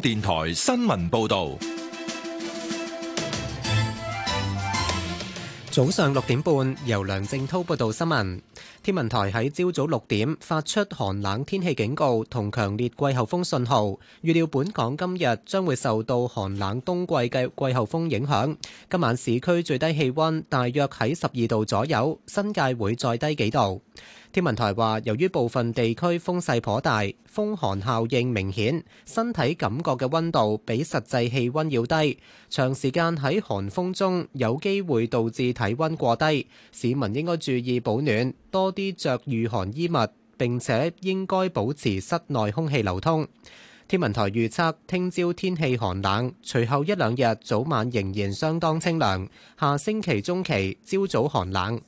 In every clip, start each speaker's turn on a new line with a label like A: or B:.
A: 電台新聞報道：早上六點
B: 半，由梁正濤報道新聞。天文台喺朝早六點發出寒冷天氣警告同強烈季候風信號，預料本港今日將會受到寒冷冬季嘅季候風影響。今晚市區最低氣溫大約喺十二度左右，新界會再低幾度。天文台話，由於部分地區風勢頗大，風寒效應明顯，身體感覺嘅溫度比實際氣温要低，長時間喺寒風中有機會導致體温過低，市民應該注意保暖，多啲着御寒衣物，並且應該保持室內空氣流通。天文台預測，聽朝天氣寒冷，隨後一兩日早晚仍然相當清涼，下星期中期朝早寒冷。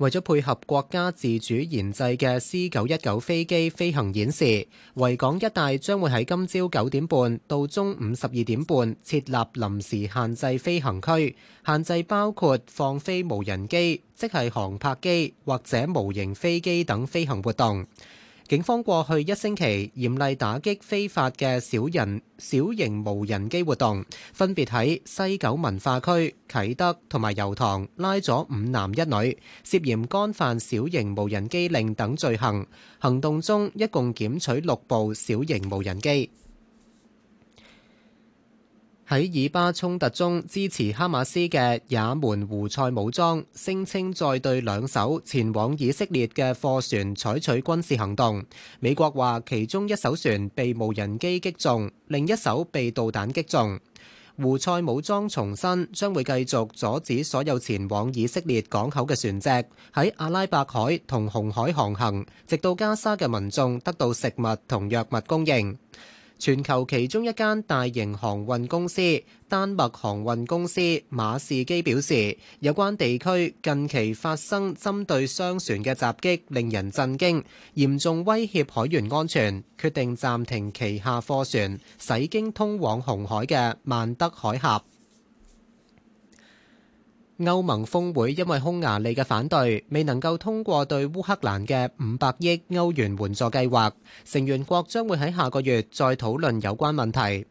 B: 為咗配合國家自主研製嘅 C 九一九飛機飛行演示，維港一帶將會喺今朝九點半到中午十二點半設立臨時限制飛行區，限制包括放飛無人機，即係航拍機或者模型飛機等飛行活動。警方過去一星期嚴厲打擊非法嘅小人小型無人機活動，分別喺西九文化區、啟德同埋油塘拉咗五男一女，涉嫌干犯小型無人機令等罪行。行動中，一共檢取六部小型無人機。喺以巴衝突中支持哈馬斯嘅也門胡塞武裝聲稱再對兩艘前往以色列嘅貨船採取軍事行動。美國話其中一艘船被無人機擊中，另一艘被導彈擊中。胡塞武裝重申將會繼續阻止所有前往以色列港口嘅船隻喺阿拉伯海同紅海航行，直到加沙嘅民眾得到食物同藥物供應。全球其中一間大型航運公司丹麥航運公司馬士基表示，有關地區近期發生針對商船嘅襲擊令人震驚，嚴重威脅海員安全，決定暫停旗下貨船駛經通往紅海嘅曼德海峽。歐盟峰會因為匈牙利嘅反對，未能夠通過對烏克蘭嘅五百億歐元援助計劃，成員國將會喺下個月再討論有關問題。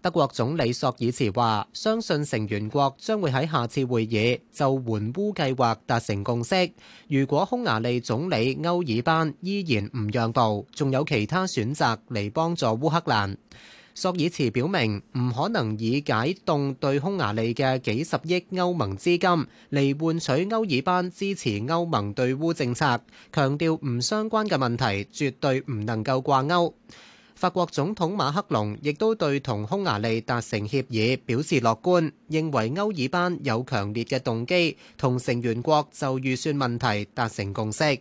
B: 德國總理朔爾茨話：相信成員國將會喺下次會議就援烏計劃達成共識。如果匈牙利總理歐爾班依然唔讓步，仲有其他選擇嚟幫助烏克蘭。索爾茨表明唔可能以解凍對匈牙利嘅幾十億歐盟資金嚟換取歐爾班支持歐盟對烏政策，強調唔相關嘅問題絕對唔能夠掛鈎。法國總統馬克龍亦都對同匈牙利達成協議表示樂觀，認為歐爾班有強烈嘅動機同成員國就預算問題達成共識。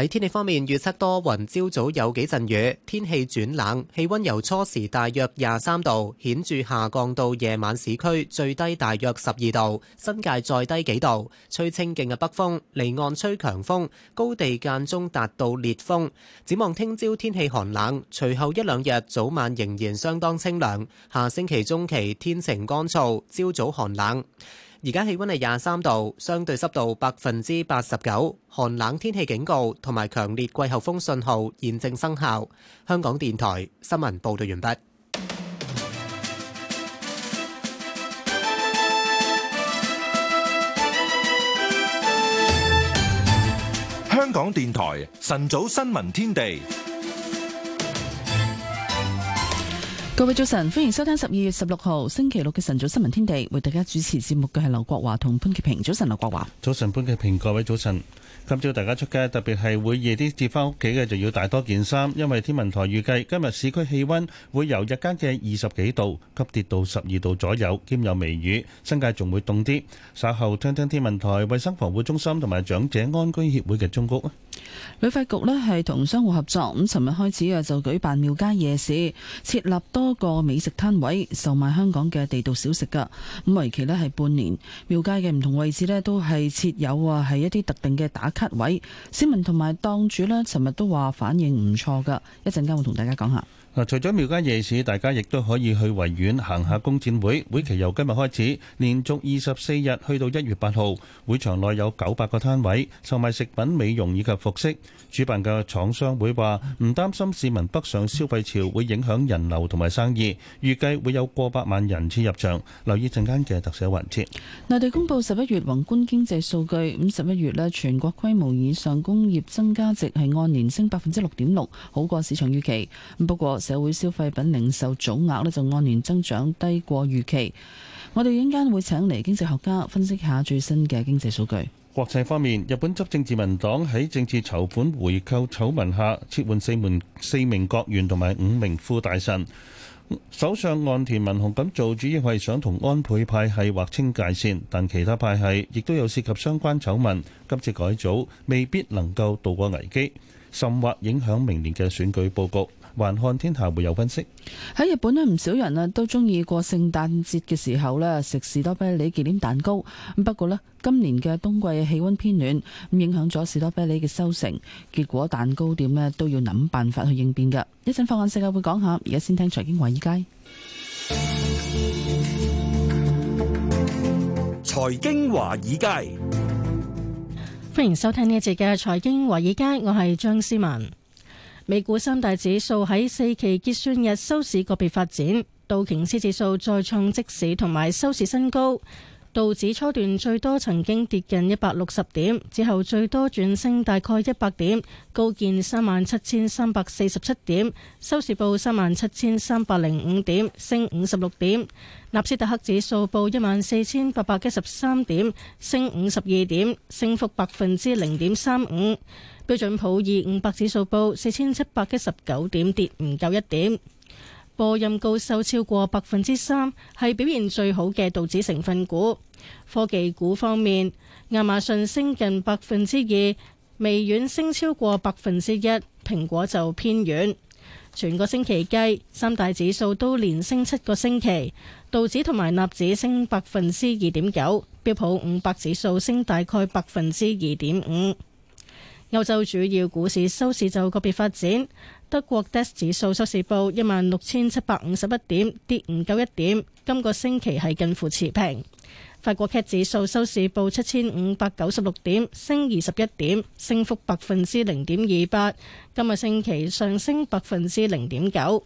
B: 喺天氣方面，預測多雲，朝早有幾陣雨，天氣轉冷，氣温由初時大約廿三度顯著下降到夜晚市區最低大約十二度，新界再低幾度，吹清勁嘅北風，離岸吹強風，高地間中達到烈風。展望聽朝天氣寒冷，隨後一兩日早晚仍然相當清涼。下星期中期天晴乾燥，朝早寒冷。而家氣温係廿三度，相對濕度百分之八十九，寒冷天氣警告同埋強烈季候風信號現正生效。香港電台新聞報道完畢。
A: 香港電台晨早新聞天地。
C: 各位早晨，歡迎收聽十二月十六號星期六嘅晨早新聞天地。為大家主持節目嘅係劉國華同潘潔平。早晨，劉國華。
D: 早晨，潘潔平。各位早晨。今朝大家出街，特別係會夜啲至翻屋企嘅，就要帶多件衫，因為天文台預計今日市區氣溫會由日間嘅二十幾度急跌到十二度左右，兼有微雨。新界仲會凍啲。稍後聽聽天文台衛生防護中心同埋長者安居協會嘅忠告。
C: 旅發局呢係同商戶合作，咁尋日開始啊就舉辦廟街夜市，設立多個美食攤位，售賣香港嘅地道小食噶。咁為期呢係半年，廟街嘅唔同位置呢都係設有啊係一啲特定嘅打卡位。市民同埋檔主呢尋日都話反應唔錯噶，一陣間會同大家講下。
D: 除咗廟街夜市，大家亦都可以去維園行下工展會，會期由今日開始，連續二十四日去到一月八號。會場內有九百個攤位，售賣食品、美容以及服飾。主辦嘅廠商會話唔擔心市民北上消費潮會影響人流同埋生意，預計會有過百萬人次入場。留意陣間嘅特寫環節。內地
C: 公布十一月宏觀經濟數據，五十一月咧全國規模以上工業增加值係按年升百分之六點六，好過市場預期。不過。社會消費品零售總額咧就按年增長低過預期。我哋陣間會請嚟經濟學家分析下最新嘅經濟數據。
D: 國際方面，日本執政自民黨喺政治籌款回扣醜聞下撤換，四門四名閣員，同埋五名副大臣，首相岸田文雄咁做主要係想同安倍派系劃清界線，但其他派系亦都有涉及相關醜聞，今次改組未必能夠渡過危機，甚或影響明年嘅選舉布局。還看天下會有分析。喺
C: 日本呢，唔少人啊都中意過聖誕節嘅時候呢，食士多啤梨忌廉蛋糕。咁不過呢，今年嘅冬季氣溫偏暖，咁影響咗士多啤梨嘅收成，結果蛋糕店呢都要諗辦法去應變嘅。一陣放眼世界會講下，而家先聽財經華
E: 爾街。
A: 財經華爾街，
E: 歡迎收聽呢一節嘅財經華爾街，我係張思文。美股三大指數喺四期結算日收市個別發展，道瓊斯指數再創即市同埋收市新高，道指初段最多曾經跌近一百六十點，之後最多轉升大概一百點，高見三萬七千三百四十七點，收市報三萬七千三百零五點，升五十六點。納斯達克指數報一萬四千八百一十三點，升五十二點，升幅百分之零點三五。標準普爾五百指數報四千七百一十九點，跌唔夠一點。波音高收超過百分之三，係表現最好嘅道指成分股。科技股方面，亞馬遜升近百分之二，微軟升超過百分之一，蘋果就偏軟。全個星期計，三大指數都連升七個星期，道指同埋納指升百分之二點九，標普五百指數升大概百分之二點五。歐洲主要股市收市就個別發展，德國 DAX 指數收市報一萬六千七百五十一點，跌唔夠一點，今個星期係近乎持平。法國 CAC 指數收市報七千五百九十六點，升二十一點，升幅百分之零點二八，今個星期上升百分之零點九。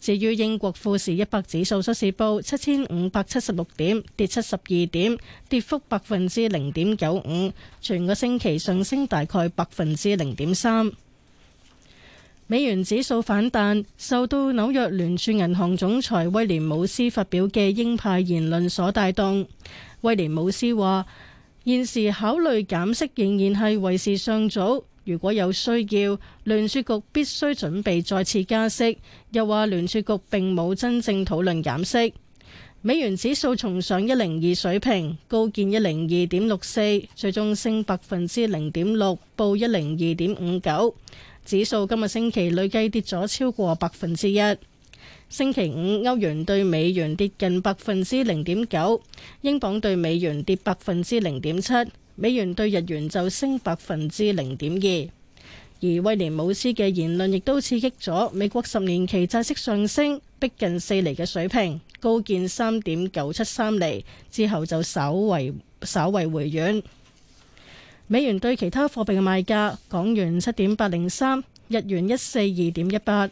E: 至於英國富時一百指數收市報七千五百七十六點，跌七十二點，跌幅百分之零點九五，全個星期上升大概百分之零點三。美元指數反彈，受到紐約聯儲銀行總裁威廉姆斯發表嘅鷹派言論所帶動。威廉姆斯話：現時考慮減息仍然係為時尚早。如果有需要，聯儲局必須準備再次加息。又話聯儲局並冇真正討論減息。美元指數重上一零二水平，高見一零二點六四，最終升百分之零點六，報一零二點五九。指數今個星期累計跌咗超過百分之一。星期五歐元對美元跌近百分之零點九，英鎊對美元跌百分之零點七。美元兌日元就升百分之零點二，而威廉姆斯嘅言論亦都刺激咗美國十年期債息上升，逼近四釐嘅水平，高見三點九七三釐，之後就稍為稍為回軟。美元對其他貨幣嘅賣價：港元七點八零三，日元一四二點一八，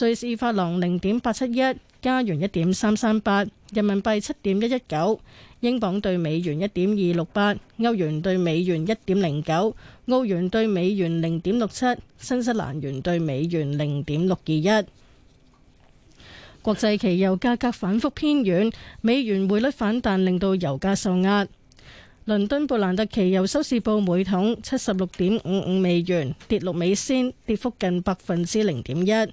E: 瑞士法郎零點八七一，加元一點三三八，人民幣七點一一九。英鎊兌美元一點二六八，歐元兌美元一點零九，澳元兌美元零點六七，新西蘭元兌美元零點六二一。國際期油價格反覆偏軟，美元匯率反彈令到油價受壓。倫敦布蘭特期油收市報每桶七十六點五五美元，跌六美仙，跌幅近百分之零點一。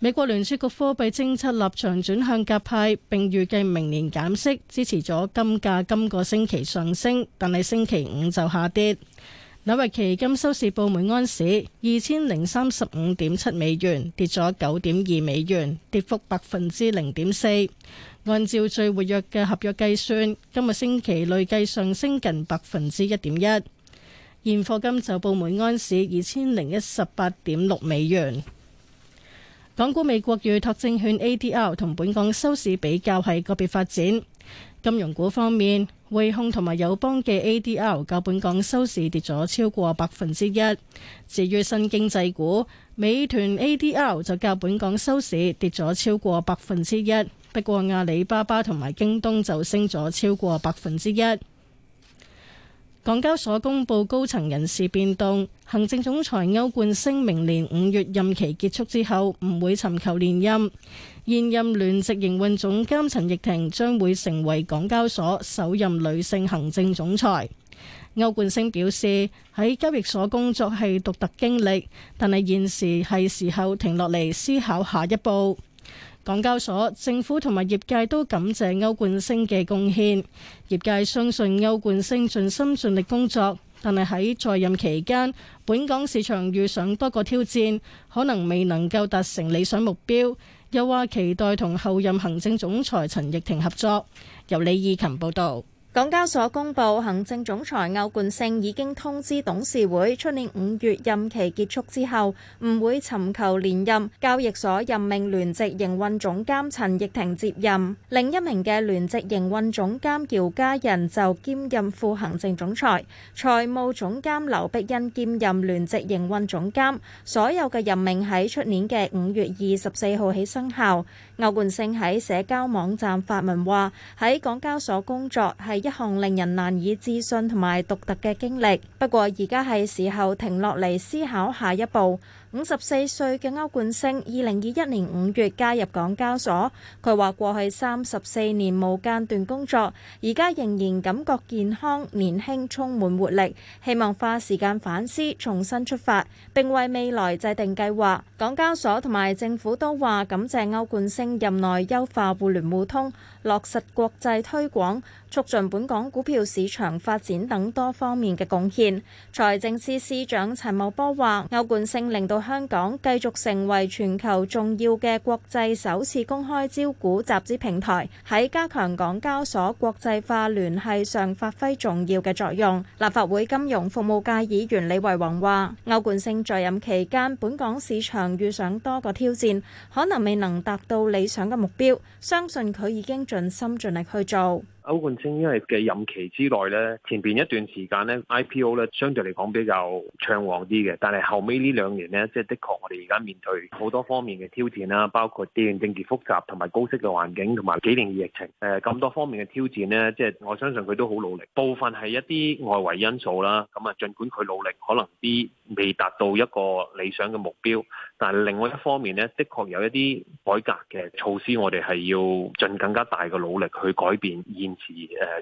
E: 美國聯儲局貨幣政策立場轉向鴿派，並預計明年減息，支持咗金價今個星期上升，但係星期五就下跌。紐約期金收市報每安士二千零三十五點七美元，跌咗九點二美元，跌幅百分之零點四。按照最活躍嘅合約計算，今個星期累計上升近百分之一點一。現貨金就報每安士二千零一十八點六美元。港股美國預託證券 A D R 同本港收市比較係個別發展。金融股方面，匯控同埋友邦嘅 A D R 較本港收市跌咗超過百分之一。至於新經濟股，美團 A D R 就較本港收市跌咗超過百分之一。不過阿里巴巴同埋京東就升咗超過百分之一。港交所公布高層人事變動。行政總裁歐冠升明年五月任期結束之後，唔會尋求連任。現任聯席營運總監陳翊庭將會成為港交所首任女性行政總裁。歐冠升表示喺交易所工作係獨特經歷，但係現時係時候停落嚟思考下一步。港交所、政府同埋業界都感謝歐冠升嘅貢獻，業界相信歐冠升盡心盡力工作。但係喺在，在任期間，本港市場遇上多個挑戰，可能未能夠達成理想目標。又話期待同後任行政總裁陳奕廷合作。由李義勤報導。港交所公布，行政總裁歐冠昇已經通知
F: 董事會，出年五月任期結束之後，唔會尋求連任。交易所任命聯席營運總監陳翊庭接任，另一名嘅聯席營運總監姚嘉仁就兼任副行政總裁，財務總監劉碧茵兼任聯席營運總監。所有嘅任命喺出年嘅五月二十四號起生效。歐冠昇喺社交網站發文話：喺港交所工作係一。一項令人難以置信同埋獨特嘅經歷。不過而家係時候停落嚟思考下一步。五十四歲嘅歐冠星，二零二一年五月加入港交所。佢話過去三十四年冇間斷工作，而家仍然感覺健康、年輕、充滿活力。希望花時間反思，重新出發，並為未來制定計劃。港交所同埋政府都話感謝歐冠星任內優化互聯互通。落實國際推廣、促進本港股票市場發展等多方面嘅貢獻。財政司司長陳茂波話：歐冠勝令到香港繼續成為全球重要嘅國際首次公開招股集資平台，喺加強港交所國際化聯繫上發揮重要嘅作用。立法會金融服務界議員李惟宏話：歐冠勝在任期間，本港市場遇上多個挑戰，可能未能達到理想嘅目標。相信佢已經。盡心盡力去做。
G: 歐冠青因為嘅任期之內咧，前邊一段時間咧 IPO 咧相對嚟講比較暢旺啲嘅，但係後尾呢兩年咧，即係的確我哋而家面對好多方面嘅挑戰啦，包括啲政治複雜同埋高息嘅環境，同埋幾年疫情，誒咁多方面嘅挑戰咧，即係我相信佢都好努力。部分係一啲外圍因素啦，咁啊，儘管佢努力，可能啲未達到一個理想嘅目標，但係另外一方面咧，的確有一啲改革嘅措施，我哋係要盡更加大嘅努力去改變現，誒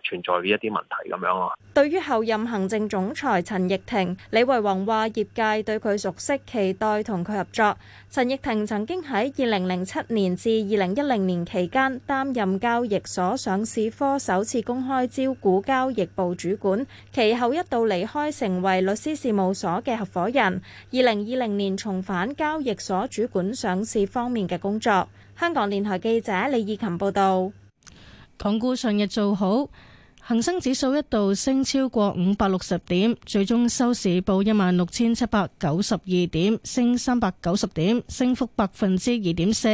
G: 存在一啲問題咁樣咯。
F: 對於候任行政總裁陳奕婷，李維宏話業界對佢熟悉，期待同佢合作。陳奕婷曾經喺二零零七年至二零一零年期間擔任交易所上市科首次公開招股交易部主管，其後一度離開成為律師事務所嘅合夥人。二零二零年重返交易所主管上市
E: 方面嘅工作。香港電台記者李以琴報道。港股上日做好，恒生指數一度升超過五百六十點，最終收市報一萬六千七百九十二點，升三百九十點，升幅百分之二點四。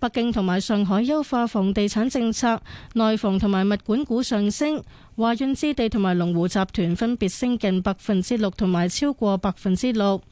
E: 北京同埋上海優化房地產政策，內房同埋物管股上升。華潤置地同埋龍湖集團分別升近百分之六同埋超過百分之六。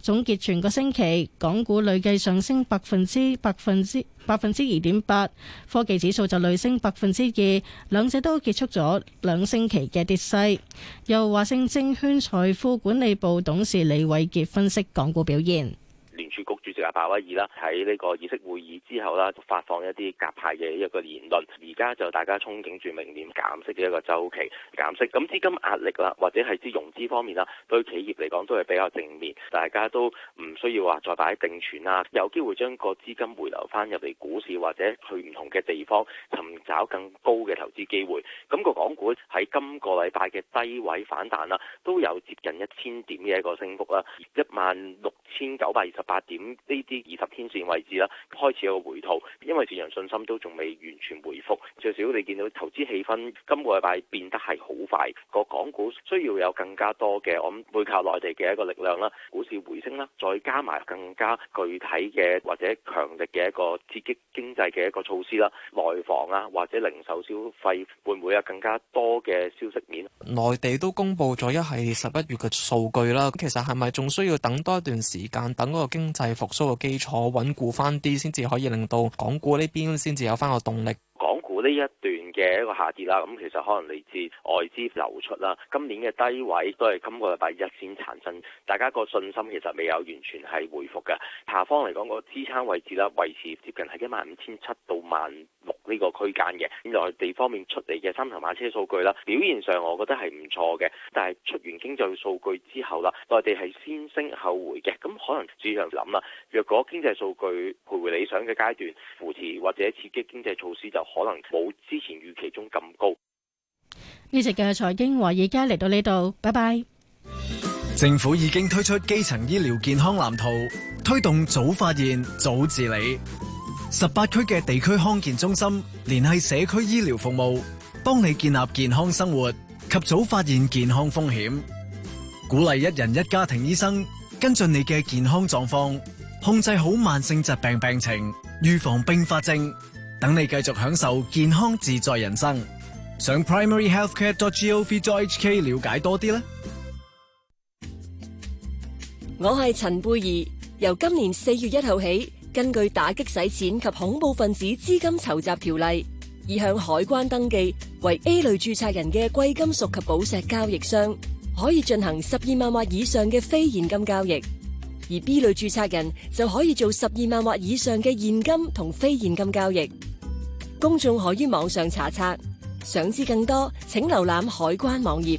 E: 總結全個星期，港股累計上升百分之百分之百分之二點八，科技指數就累升百分之二，兩者都結束咗兩星期嘅跌勢。由華盛證券財富管理部董事李偉杰分析港股表現。
G: 聯儲局主席阿鮑威爾啦，喺呢個議息會議之後啦，就發放一啲鴿派嘅一個言論。而家就大家憧憬住明年減息嘅一個周期減息。咁資金壓力啦，或者係啲融資方面啦，對企業嚟講都係比較正面。大家都唔需要話再擺定存啦，有機會將個資金回流翻入嚟股市或者去唔同嘅地方尋找更高嘅投資機會。咁個港股喺今個禮拜嘅低位反彈啦，都有接近一千點嘅一個升幅啦，一萬六千九百二十八點呢啲二十天線位置啦，開始有個回吐，因為市場信心都仲未完全回復，最少你見到投資氣氛今個禮拜變得係好快，個港股需要有更加多嘅，我諗會靠內地嘅一個力量啦，股市回升啦，再加埋更加具體嘅或者強力嘅一個刺激經濟嘅一個措施啦，內房啊或者零售消費會唔會有更加多嘅消息面？
H: 內地都公布咗一系列十一月嘅數據啦，其實係咪仲需要等多一段時間，等嗰個？經濟復甦嘅基礎穩固翻啲，先至可以令到港股呢邊先至有翻個動力。
G: 呢一段嘅一個下跌啦，咁其實可能嚟自外資流出啦。今年嘅低位都係今個禮拜一先產生，大家個信心其實未有完全係回復嘅。下方嚟講個支撐位置啦，維持接近係一萬五千七到萬六呢個區間嘅。咁內地方面出嚟嘅三頭馬車數據啦，表現上我覺得係唔錯嘅，但係出完經濟數據之後啦，內地係先升後回嘅，咁可能市場諗啦，若果經濟數據徘徊理想嘅階段，扶持或者刺激經濟措施就可能。冇之前預期中咁高。
E: 呢集嘅財經華爾街嚟到呢度，拜拜。
I: 政府已經推出基層醫療健康藍圖，推動早發現、早治理。十八區嘅地區康健中心聯繫社區醫療服務，幫你建立健康生活及早發現健康風險。鼓勵一人一家庭醫生跟進你嘅健康狀況，控制好慢性疾病病情，預防併發症。等你繼續享受健康自在人生，上 primaryhealthcare.gov.hk 了解多啲啦。
F: 我係陳貝兒，由今年四月一號起，根據打擊洗錢及恐怖分子資金籌，籌集條例，已向海關登記為 A 類注冊人嘅貴金屬及寶石交易商，可以進行十二萬或以上嘅非現金交易；而 B 類注冊人就可以做十二萬或以上嘅現金同非現金交易。公眾可於網上查冊，想知更多請瀏覽海關網頁。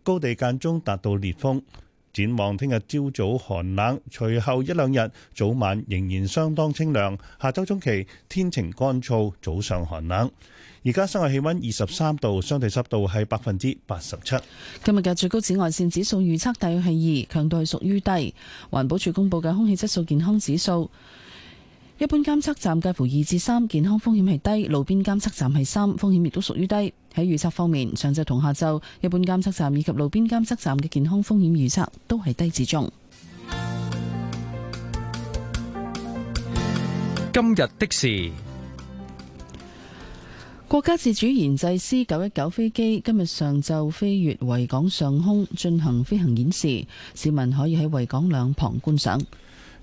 D: 高地間中達到烈風，展望聽日朝早寒冷，隨後一兩日早晚仍然相當清涼。下周中期天晴乾燥，早上寒冷。而家室外氣温二十三度，相對濕度係百分之八十七。
C: 今日嘅最高紫外線指數預測大約係二，強度係屬於低。環保署公布嘅空氣質素健康指數，一般監測站介乎二至三，健康風險係低；路邊監測站係三，風險亦都屬於低。喺預測方面，上晝同下晝，一般監測站以及路邊監測站嘅健康風險預測都係低至中。
J: 今日的事，
C: 國家自主研製 C 九一九飛機今日上晝飛越維港上空進行飛行演示，市民可以喺維港兩旁觀賞。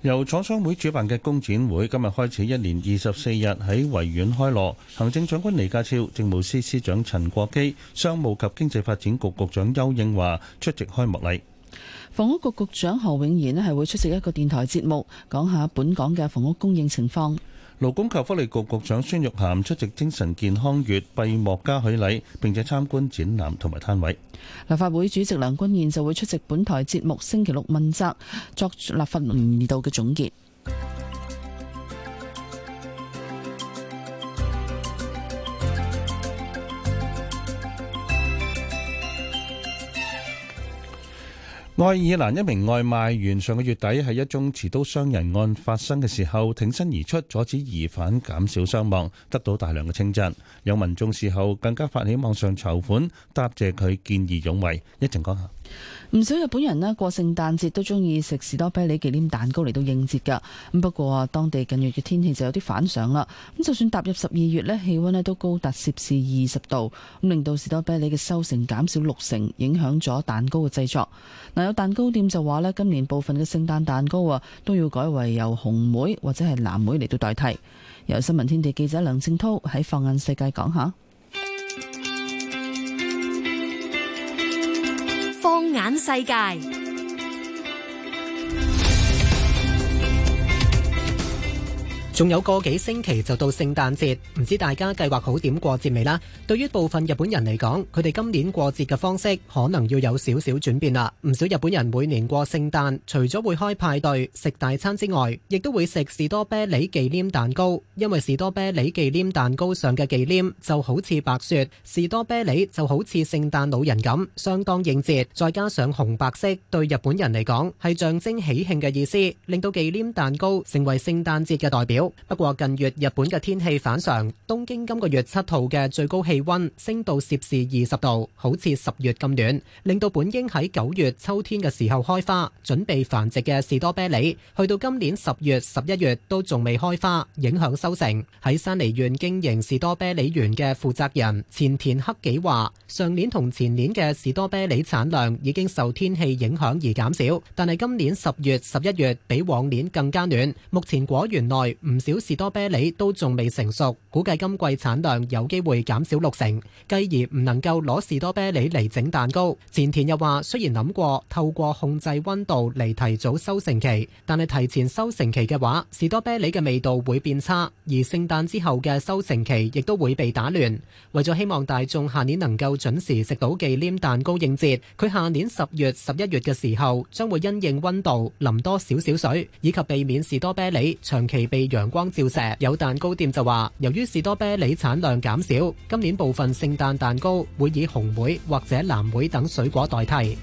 D: 由廠商會主辦嘅工展會今日開始，一年二十四日喺維園開鑼。行政長官李家超、政務司司長陳國基、商務及經濟發展局局長丘應樺出席開幕禮。
C: 房屋局局長何永賢呢係會出席一個電台節目，講下本港嘅房屋供應情況。
D: 勞工及福利局局長孫玉菡出席精神健康月閉幕嘉許禮，並且參觀展覽同埋攤位。
C: 立法會主席梁君彥就會出席本台節目星期六問責，作立法年度嘅總結。
D: 愛爾蘭一名外賣員上個月底喺一宗持刀傷人案發生嘅時候，挺身而出，阻止疑犯減少傷亡，得到大量嘅稱讚。有民眾事後更加發起網上籌款，答謝佢見義勇為。一陣講下。
C: 唔少日本人咧過聖誕節都中意食士多啤梨忌廉蛋糕嚟到應節噶，咁不過當地近日嘅天氣就有啲反常啦。咁就算踏入十二月呢，氣溫咧都高達攝氏二十度，咁令到士多啤梨嘅收成減少六成，影響咗蛋糕嘅製作。嗱，有蛋糕店就話咧，今年部分嘅聖誕蛋糕啊都要改為由紅莓或者係藍莓嚟到代替。由新聞天地記者梁正濤喺放眼世界講下。
K: 眼世界。
B: 仲有個幾星期就到聖誕節，唔知大家計劃好點過節未啦？對於部分日本人嚟講，佢哋今年過節嘅方式可能要有少少轉變啦。唔少日本人每年過聖誕，除咗會開派對、食大餐之外，亦都會食士多啤梨忌廉蛋糕，因為士多啤梨忌廉蛋糕上嘅忌廉就好似白雪，士多啤梨就好似聖誕老人咁，相當應節。再加上紅白色對日本人嚟講係象徵喜慶嘅意思，令到忌廉蛋糕成為聖誕節嘅代表。不過近月日本嘅天氣反常，東京今個月七號嘅最高氣溫升到攝氏二十度，好似十月咁暖，令到本應喺九月秋天嘅時候開花、準備繁殖嘅士多啤梨，去到今年十月、十一月都仲未開花，影響收成。喺山梨縣經營士多啤梨園嘅負責人前田克紀話：上年同前年嘅士多啤梨產量已經受天氣影響而減少，但係今年十月、十一月比往年更加暖，目前果園內唔。少士多啤梨都仲未成熟，估計今季產量有機會減少六成，繼而唔能夠攞士多啤梨嚟整蛋糕。前田又話，雖然諗過透過控制温度嚟提早收成期，但係提前收成期嘅話，士多啤梨嘅味道會變差，而聖誕之後嘅收成期亦都會被打亂。為咗希望大眾下年能夠準時食到忌廉蛋糕應節，佢下年十月、十一月嘅時候將會因應溫度淋多少少水，以及避免士多啤梨長期被陽光照射，有蛋糕店就話，由於士多啤梨產量減少，今年部分聖誕蛋糕會以紅莓或者藍莓等水果代替。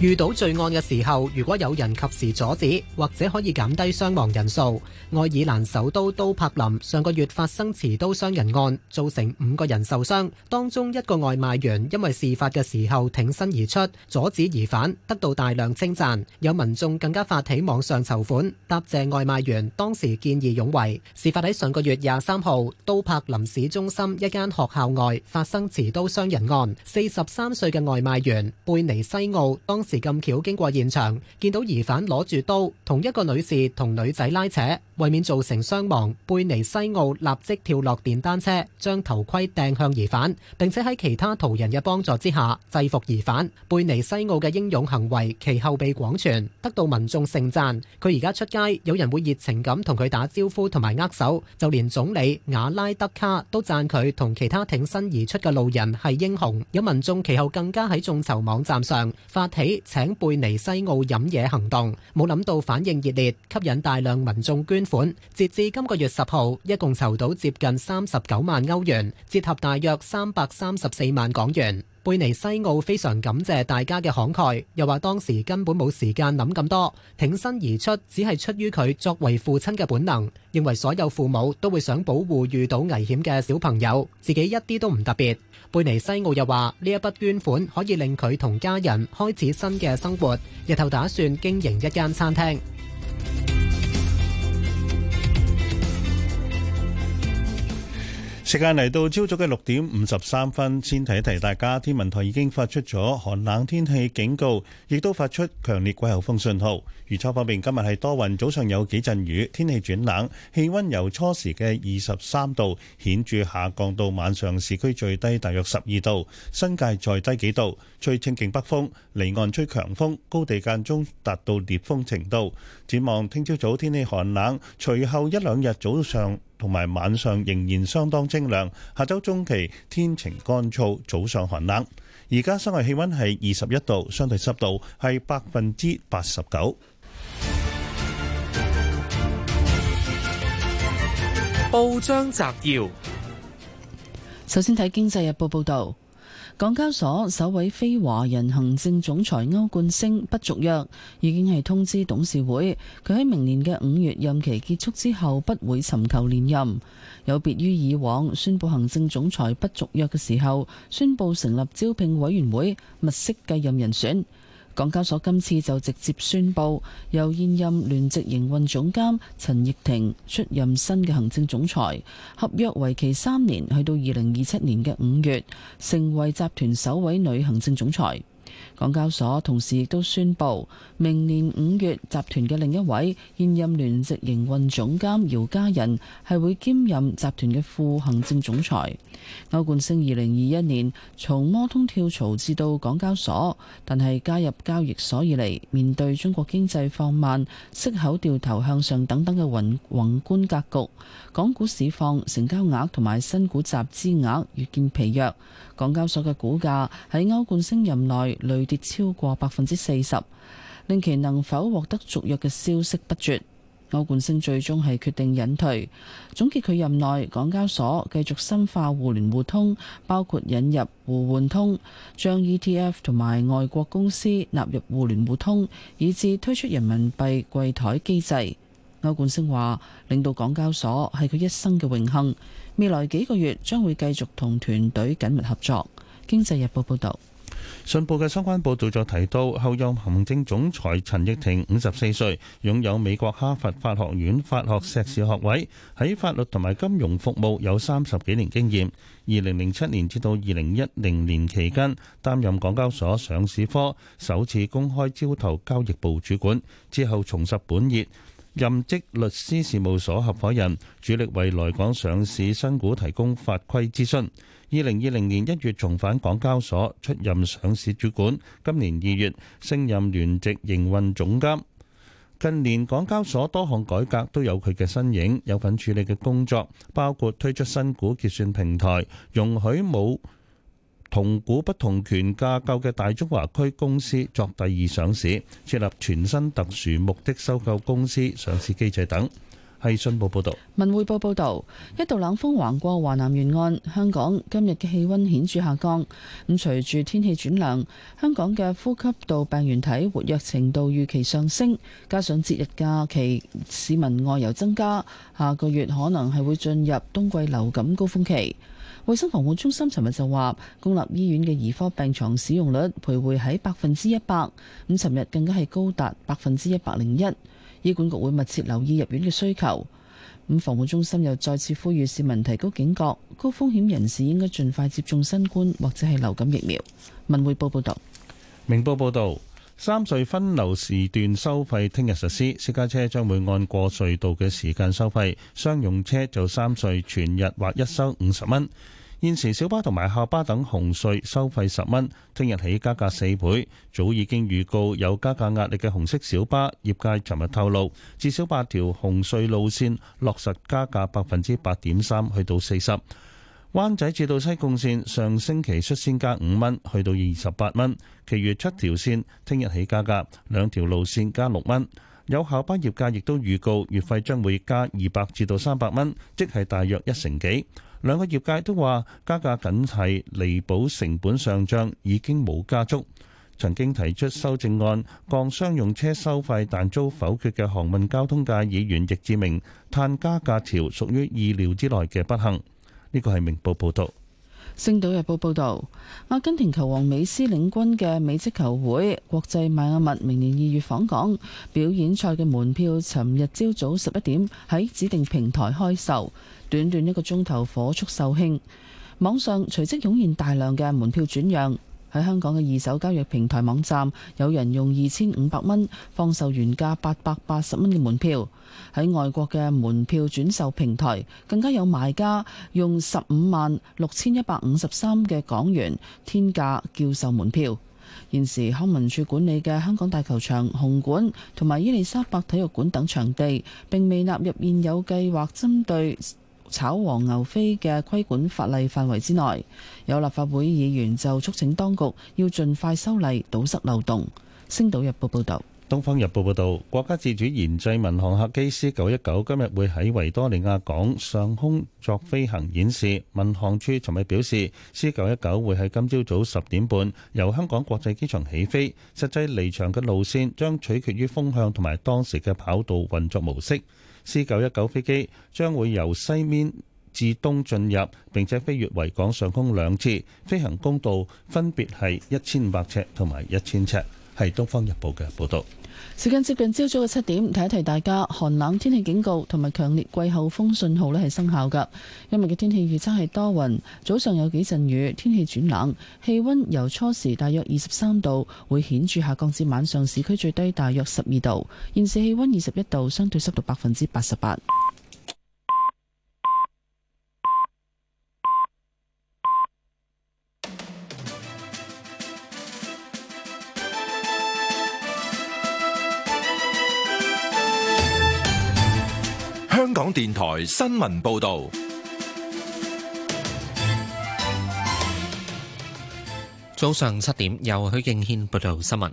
B: 遇到罪案嘅時候，如果有人及時阻止，或者可以減低傷亡人數。愛爾蘭首都都柏林上個月發生持刀傷人案，造成五個人受傷，當中一個外賣員因為事發嘅時候挺身而出，阻止疑犯，得到大量稱讚。有民眾更加發起網上籌款，答謝外賣員當時見義勇為。事發喺上個月廿三號，都柏林市中心一間學校外發生持刀傷人案，四十三歲嘅外賣員貝尼西奧當時時咁巧經過現場，見到疑犯攞住刀，同一個女士同女仔拉扯。為免造成傷亡，貝尼西奧立即跳落電單車，將頭盔掟向疑犯，並且喺其他途人嘅幫助之下制服疑犯。貝尼西奧嘅英勇行為其後被廣傳，得到民眾盛讚。佢而家出街，有人會熱情咁同佢打招呼同埋握手，就連總理瓦拉德卡都讚佢同其他挺身而出嘅路人係英雄。有民眾其後更加喺眾籌網站上發起請貝尼西奧飲嘢行動，冇諗到反應熱烈，吸引大量民眾捐款截至今個月十號，一共籌到接近三十九萬歐元，折合大約三百三十四萬港元。貝尼西奧非常感謝大家嘅慷慨，又話當時根本冇時間諗咁多，挺身而出只係出於佢作為父親嘅本能，認為所有父母都會想保護遇到危險嘅小朋友，自己一啲都唔特別。貝尼西奧又話呢一筆捐款可以令佢同家人開始新嘅生活，日頭打算經營一間餐廳。
D: 時間嚟到朝早嘅六點五十三分，先提一提大家。天文台已經發出咗寒冷天氣警告，亦都發出強烈季候風信號。預測方面，今日係多雲，早上有幾陣雨，天氣轉冷，氣温由初時嘅二十三度顯著下降到晚上市區最低大約十二度，新界再低幾度。吹清勁北風，離岸吹強風，高地間中達到烈風程度。展望聽朝早天氣寒冷，隨後一兩日早上。同埋晚上仍然相當清涼，下周中期天晴乾燥，早上寒冷。而家室外氣溫係二十一度，相對濕度係百分之八十九。
J: 報章摘要，
C: 首先睇《經濟日報》報道。港交所首位非華人行政總裁歐冠升不續約，已經係通知董事會，佢喺明年嘅五月任期結束之後不會尋求連任。有別於以往宣布行政總裁不續約嘅時候，宣布成立招聘委員會物色繼任人選。港交所今次就直接宣布，由現任聯席營運總監陳奕婷出任新嘅行政總裁，合約為期三年，去到二零二七年嘅五月，成為集團首位女行政總裁。港交所同時亦都宣佈，明年五月集團嘅另一位現任聯席營運總監姚嘉仁係會兼任集團嘅副行政總裁。歐冠昇二零二一年從摩通跳槽至到港交所，但係加入交易所以嚟，面對中國經濟放慢、息口掉頭向上等等嘅宏宏觀格局，港股市況成交額同埋新股集資額越見疲弱。港交所嘅股價喺歐冠昇任內累跌超過百分之四十，令其能否獲得續約嘅消息不絕。歐冠昇最終係決定引退。總結佢任內，港交所繼續深化互聯互通，包括引入互換通，將 ETF 同埋外國公司納入互聯互通，以至推出人民幣櫃台機制。歐冠昇話：領導港交所係佢一生嘅榮幸，未來幾個月將會繼續同團隊緊密合作。經濟日報報導。
D: 信報嘅相關報導就提到，候任行政總裁陳翊庭五十四歲，擁有美國哈佛法學院法學碩士學位，喺法律同埋金融服務有三十幾年經驗。二零零七年至到二零一零年期間，擔任港交所上市科首次公開招股交易部主管，之後重拾本業，任職律師事務所合夥人，主力為來港上市新股提供法規諮詢。二零二零年一月重返港交所出任上市主管，今年二月升任聯席營運總監。近年港交所多項改革都有佢嘅身影，有份處理嘅工作，包括推出新股結算平台，容許冇同股不同權架構嘅大中華區公司作第二上市，設立全新特殊目的收購公司上市機制等。係信報報道，
C: 文匯報報道，一道冷風橫過華南沿岸，香港今日嘅氣温顯著下降。咁隨住天氣轉涼，香港嘅呼吸道病原體活躍程度預期上升，加上節日假期市民外遊增加，下個月可能係會進入冬季流感高峰期。衛生防護中心尋日就話，公立醫院嘅兒科病床使用率徘徊喺百分之一百，咁尋日更加係高達百分之一百零一。醫管局會密切留意入院嘅需求，咁防護中心又再次呼籲市民提高警覺，高風險人士應該盡快接種新冠或者係流感疫苗。文匯報報道，
D: 明報報道，三隧分流時段收費聽日實施，私家車將會按過隧道嘅時間收費，商用車就三隧全日劃一收五十蚊。現時小巴同埋校巴等紅隧收費十蚊，聽日起加價四倍。早已經預告有加價壓力嘅紅色小巴業界，尋日透露至少八條紅隧路線落實加價百分之八點三，去到四十。灣仔至到西貢線上星期率先加五蚊，去到二十八蚊。其餘七條線聽日起加價，兩條路線加六蚊。有校巴業界亦都預告月費將會加二百至到三百蚊，即係大約一成幾。兩個業界都話加價僅係彌補成本上漲，已經冇加足。曾經提出修正案降商用車收費，但遭否決嘅航運交通界議員易志明，嘆加價潮屬於意料之內嘅不幸。呢個係明報報導。
C: 《星島日報》報導，阿根廷球王美斯領軍嘅美職球會國際邁阿密明年二月訪港表演賽嘅門票，尋日朝早十一點喺指定平台開售，短短一個鐘頭火速售罄，網上隨即湧現大量嘅門票轉讓。喺香港嘅二手交易平台網站，有人用二千五百蚊放售原價八百八十蚊嘅門票；喺外國嘅門票轉售平台，更加有買家用十五萬六千一百五十三嘅港元天價叫售門票。現時康文署管理嘅香港大球場、紅館同埋伊利沙伯體育館等場地，並未納入現有計劃針對炒黃牛飛嘅規管法例範圍之內，有立法會議員就促請當局要盡快修例堵塞漏洞。星島日報報導，
D: 東方日報報導，國家自主研製民航客機 C919 今日會喺維多利亞港上空作飛行演示。民航處尋日表示，C919 會喺今朝早十點半由香港國際機場起飛，實際離場嘅路線將取決於風向同埋當時嘅跑道運作模式。C 九一九飛機將會由西面至東進入，並且飛越維港上空兩次，飛行高度分別係一千五百尺同埋一千尺。係東方日報嘅報道。時間
C: 接近朝早嘅七點，提一提大家，寒冷天氣警告同埋強烈季候風信號咧係生效噶。今日嘅天氣預測係多雲，早上有幾陣雨，天氣轉冷，氣溫由初時大約二十三度，會顯著下降至晚上市區最低大約十二度。現時氣溫二十一度，相對濕度百分之八十八。
A: 香港電台新聞報道。
J: 早上七點，由許敬軒報道新聞。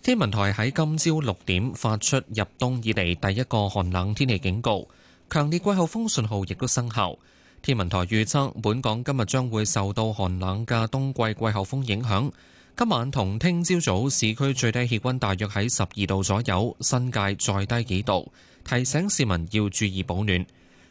J: 天文台喺今朝六點發出入冬以嚟第一個寒冷天氣警告，強烈季候風信號亦都生效。天文台預測，本港今日將會受到寒冷嘅冬季季候風影響。今晚同聽朝早市區最低氣溫大約喺十二度左右，新界再低幾度。提醒市民要注意保暖。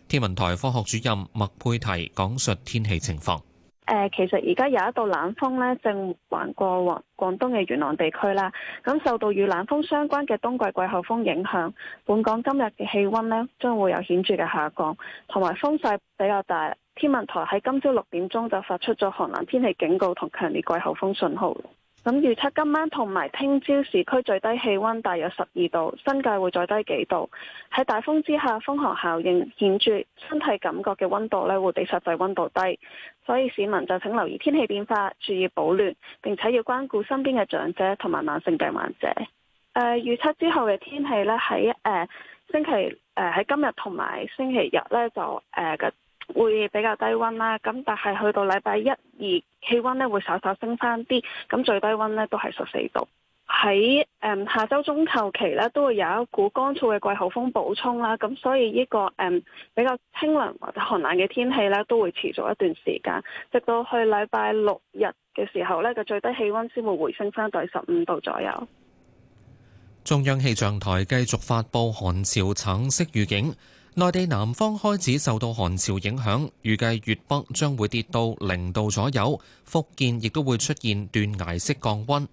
J: 天文台科學主任麥佩提講述天氣情況。
L: 誒，其實而家有一道冷鋒咧，正橫過廣廣東嘅沿岸地區啦。咁受到與冷鋒相關嘅冬季季候風影響，本港今日嘅氣溫咧將會有顯著嘅下降，同埋風勢比較大。天文台喺今朝六點鐘就發出咗寒冷天氣警告同強烈季候風信號。咁預測今晚同埋聽朝市區最低氣温大約十二度，新界會再低幾度。喺大風之下，風寒效應顯著，身體感覺嘅温度呢會比實際温度低，所以市民就請留意天氣變化，注意保暖，並且要關顧身邊嘅長者同埋慢性病患者。誒、呃、預測之後嘅天氣呢，喺誒、呃、星期誒喺今日同埋星期日呢就誒、呃會比較低溫啦，咁但係去到禮拜一二，氣溫咧會稍稍升翻啲，咁最低溫咧都係十四度。喺誒下周中後期咧都會有一股乾燥嘅季候風補充啦，咁所以呢個誒比較清涼或者寒冷嘅天氣咧都會持續一段時間，直到去禮拜六日嘅時候呢個最低氣溫先會回升翻到十五度左右。
H: 中央氣
J: 象台繼續發布寒潮橙色預警。內地南方開始受到寒潮影響，預計粵北將會跌到零度左右，福建亦都會出現斷崖式降温。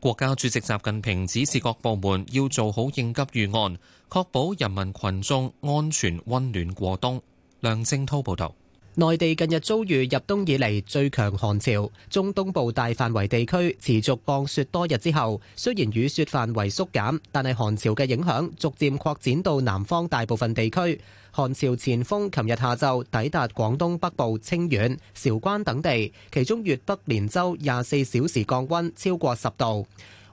J: 國家主席習近平指示各部門要做好應急預案，確保人民群眾安全温暖過冬。梁
B: 正滔報導。內地近日遭遇入冬以嚟最強寒潮，中東部大範圍地區持續降雪多日之後，雖然雨雪範圍縮減，但係寒潮嘅影響逐漸擴展到南方大部分地區。寒潮前鋒琴日下晝抵達廣東北部、清遠、韶關等地，其中粵北連州廿四小時降温超過十度。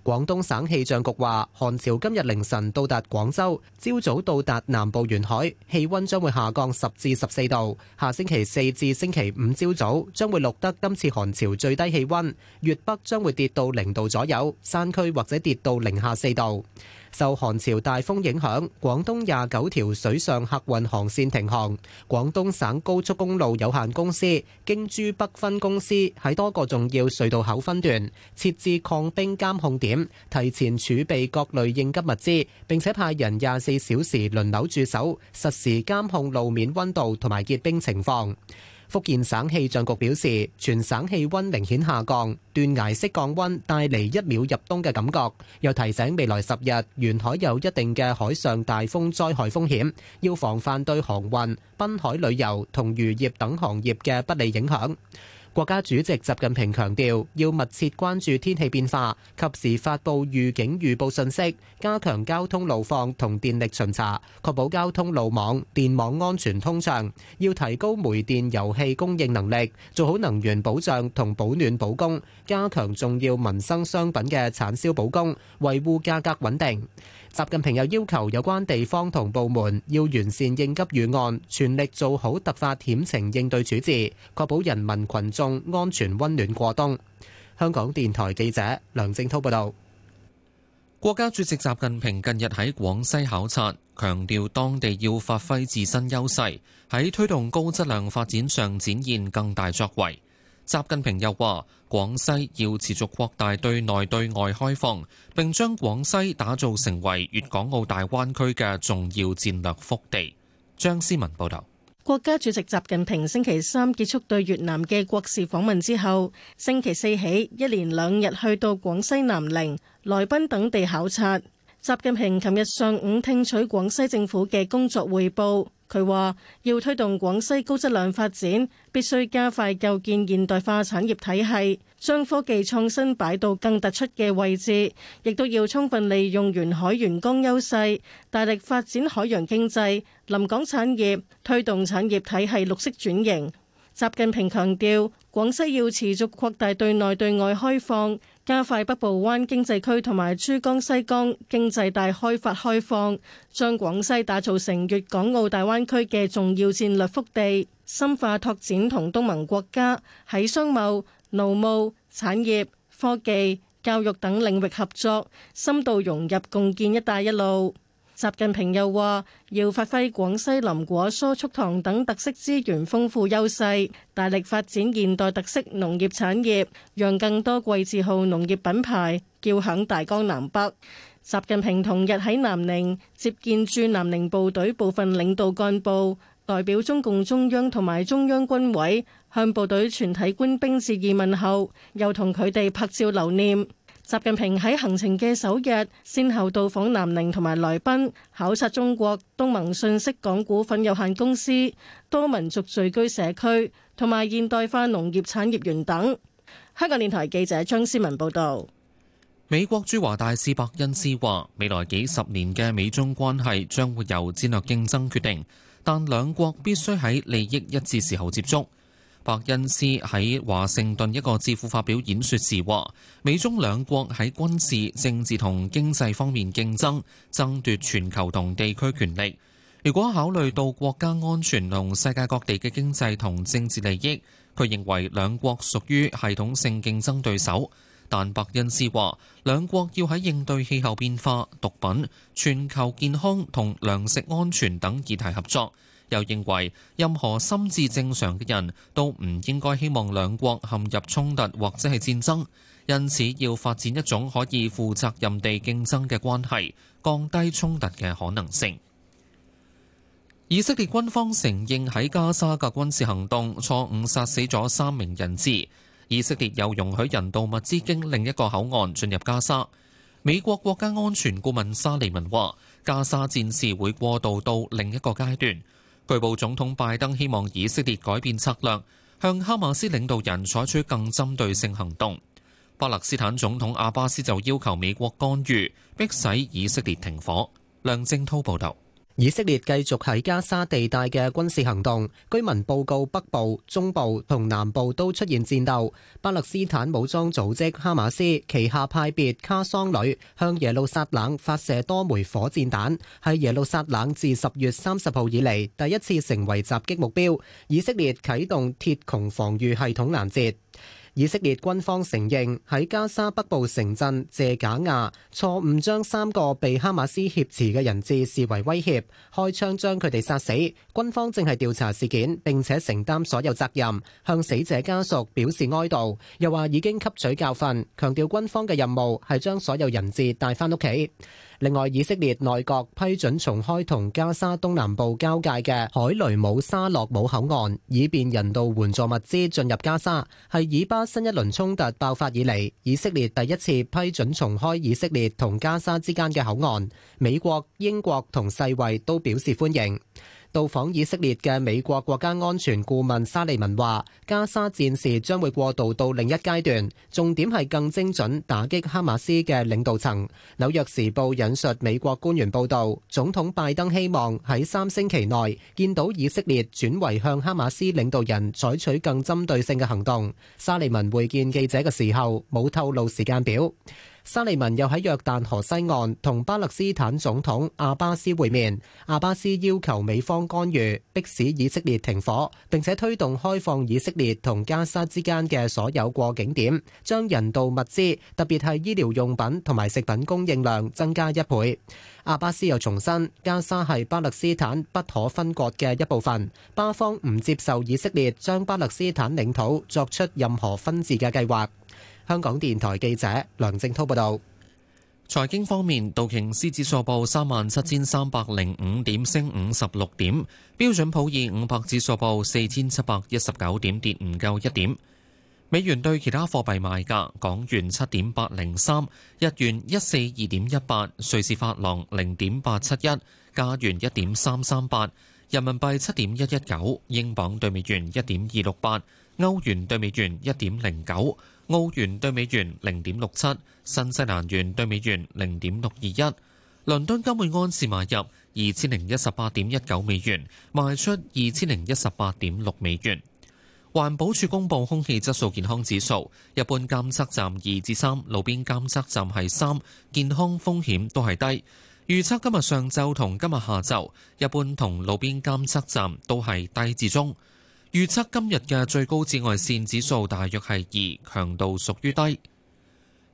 B: 廣東省氣象局話，寒潮今日凌晨到達廣州，朝早到達南部沿海，氣温將會下降十至十四度。下星期四至星期五朝早將會錄得今次寒潮最低氣温，粵北將會跌到零度左右，山區或者跌到零下四度。受寒潮大風影響，廣東廿九條水上客運航線停航。廣東省高速公路有限公司京珠北分公司喺多個重要隧道口分段設置抗冰監控點，提前儲備各類應急物資，並且派人廿四小時輪流駐守，實時監控路面溫度同埋結冰情況。福建省氣象局表示，全省氣温明顯下降，斷崖式降温帶嚟一秒入冬嘅感覺，又提醒未來十日沿海有一定嘅海上大風災害風險，要防範對航運、濱海旅遊同漁業等行業嘅不利影響。國家主席習近平強調，要密切關注天氣變化，及時發布預警預報信息，加強交通路況同電力巡查，確保交通路網、電網安全通暢。要提高煤電油氣供應能力，做好能源保障同保暖保供，加強重要民生商品嘅產銷保供，維護價格穩定。習近平又要求有關地方同部門，要完善應急預案，全力做好突發險情應對處置，確保人民群眾安全温暖過冬。香港電台記者梁正濤報道。國家主席習近平近
J: 日喺廣西考察，強調當地要發揮自身優勢，喺推動高質量發展上展現更大作為。習近平又話，廣西要持續擴大對內對外開放，並將廣西打造成為粵港澳大灣區嘅重要戰略腹地。張思文報道，
E: 國家主席習近平星期三結束對越南嘅國事訪問之後，星期四起一連兩日去到廣西南寧、來賓等地考察。習近平琴日上午聽取廣西政府嘅工作匯報。佢話：要推動廣西高質量發展，必須加快構建現代化產業體系，將科技創新擺到更突出嘅位置，亦都要充分利用沿海沿江優勢，大力發展海洋經濟、臨港產業，推動產業體系綠色轉型。習近平強調，廣西要持續擴大對內對外開放。加快北部灣經濟區同埋珠江西江經濟帶開發開放，將廣西打造成粵港澳大灣區嘅重要戰略腹地，深化拓展同東盟國家喺商貿、勞務、產業、業、科技、教育等領域合作，深度融入共建“一帶一路”。習近平又話要發揮廣西林果、蔬畜糖等特色資源豐富優勢，大力發展現代特色農業產業，讓更多桂字號農業品牌叫響大江南北。習近平同日喺南寧接見駐南寧部隊部分領導幹部，代表中共中央同埋中央軍委向部隊全體官兵致意問候，又同佢哋拍照留念。習近平喺行程嘅首日，先後到訪南寧同埋來賓，考察中國東盟信息港股份有限公司、多民族聚居社區同埋現代化農業產業園等。香港電台記者張思文報道。
J: 美國駐華大使伯恩斯話，未來幾十年嘅美中關係將會由戰略競爭決定，但兩國必須喺利益一致時候接觸。白伯恩斯喺華盛頓一個智庫發表演說時話，美中兩國喺軍事、政治同經濟方面競爭爭奪全球同地區權力。如果考慮到國家安全同世界各地嘅經濟同政治利益，佢認為兩國屬於系統性競爭對手。但白伯恩斯話兩國要喺應對氣候變化、毒品、全球健康同糧食安全等議題合作。又認為任何心智正常嘅人都唔應該希望兩國陷入衝突或者係戰爭，因此要發展一種可以負責任地競爭嘅關係，降低衝突嘅可能性。以色列軍方承認喺加沙嘅軍事行動錯誤殺死咗三名人質。以色列又容許人道物資經另一個口岸進入加沙。美國國家安全顧問沙利文話：加沙戰事會過渡到另一個階段。據報，總統拜登希望以色列改變策略，向哈馬斯領導人採取更針對性行動。巴勒斯坦總統阿巴斯就要求美國干預，迫使以色列停火。
B: 梁正滔報導。以色列繼續喺加沙地帶嘅軍事行動，居民報告北部、中部同南部都出現戰鬥。巴勒斯坦武裝組織哈馬斯旗下派別卡桑旅向耶路撒冷發射多枚火箭彈，係耶路撒冷自十月三十號以嚟第一次成為襲擊目標，以色列啟動鐵穹防禦系統攔截。以色列軍方承認喺加沙北部城鎮謝賈亞錯誤將三個被哈馬斯挾持嘅人質視為威脅，開槍將佢哋殺死。軍方正係調查事件並且承擔所有責任，向死者家屬表示哀悼。又話已經吸取教訓，強調軍方嘅任務係將所有人質帶翻屋企。另外，以色列內閣批准重開同加沙東南部交界嘅海雷姆沙洛姆口岸，以便人道援助物資進入加沙，係以巴新一輪衝突爆發以嚟，以色列第一次批准重開以色列同加沙之間嘅口岸。美國、英國同世衛都表示歡迎。到訪以色列嘅美國國家安全顧問沙利文話，加沙戰事將會過渡到另一階段，重點係更精準打擊哈馬斯嘅領導層。紐約時報引述美國官員報道，總統拜登希望喺三星期內見到以色列轉為向哈馬斯領導人採取更針對性嘅行動。沙利文會見記者嘅時候冇透露時間表。沙利文又喺約旦河西岸同巴勒斯坦總統阿巴斯會面，阿巴斯要求美方干預，迫使以色列停火，並且推動開放以色列同加沙之間嘅所有過境點，將人道物資，特別係醫療用品同埋食品供應量增加一倍。阿巴斯又重申，加沙係巴勒斯坦不可分割嘅一部分，巴方唔接受以色列將巴勒斯坦領土作出任何分治嘅計劃。香港電台記者梁正濤報道，財經方面，道瓊斯指數報三
J: 萬七千三百零五點，升五十六點；標準普爾五百指數報四千七百一十九點，跌唔夠一點。美元對其他貨幣賣價：港元七點八零三，日元一四二點一八，瑞士法郎零點八七一，加元一點三三八，人民幣七點一一九，英鎊兌美元一點二六八，歐元兌美元一點零九。澳元兌美元零點六七，新西蘭元兌美元零點六二一。倫敦金會安士買入二千零一十八點一九美元，賣出二千零一十八點六美元。環保署公布空氣質素健康指數，一般監測站二至三，路邊監測站係三，健康風險都係低。預測今日上晝同今日下晝，一般同路邊監測站都係低至中。預測今日嘅最高紫外線指數大約係二，強度屬於低。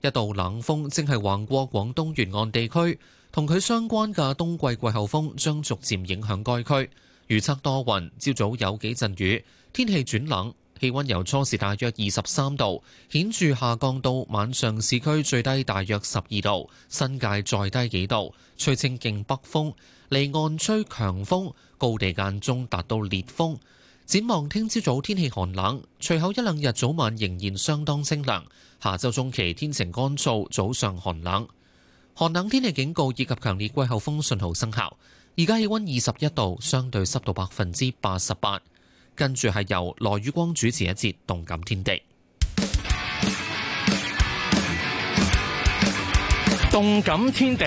J: 一道冷鋒正係橫過廣東沿岸地區，同佢相關嘅冬季季候風將逐漸影響該區。預測多雲，朝早有幾陣雨，天氣轉冷，氣溫由初時大約二十三度顯著下降到晚上市區最低大約十二度，新界再低幾度。吹清勁北風，離岸吹強風，高地間中達到烈風。展望聽朝早天氣寒冷，隨後一兩日早晚仍然相當清涼。下周中期天晴乾燥，早上寒冷。寒冷天氣警告以及強烈季候風信號生效。而家氣温二十一度，相對濕度百分之八十八。跟住係由賴宇光主持一節《動感天地》。《動感天地》。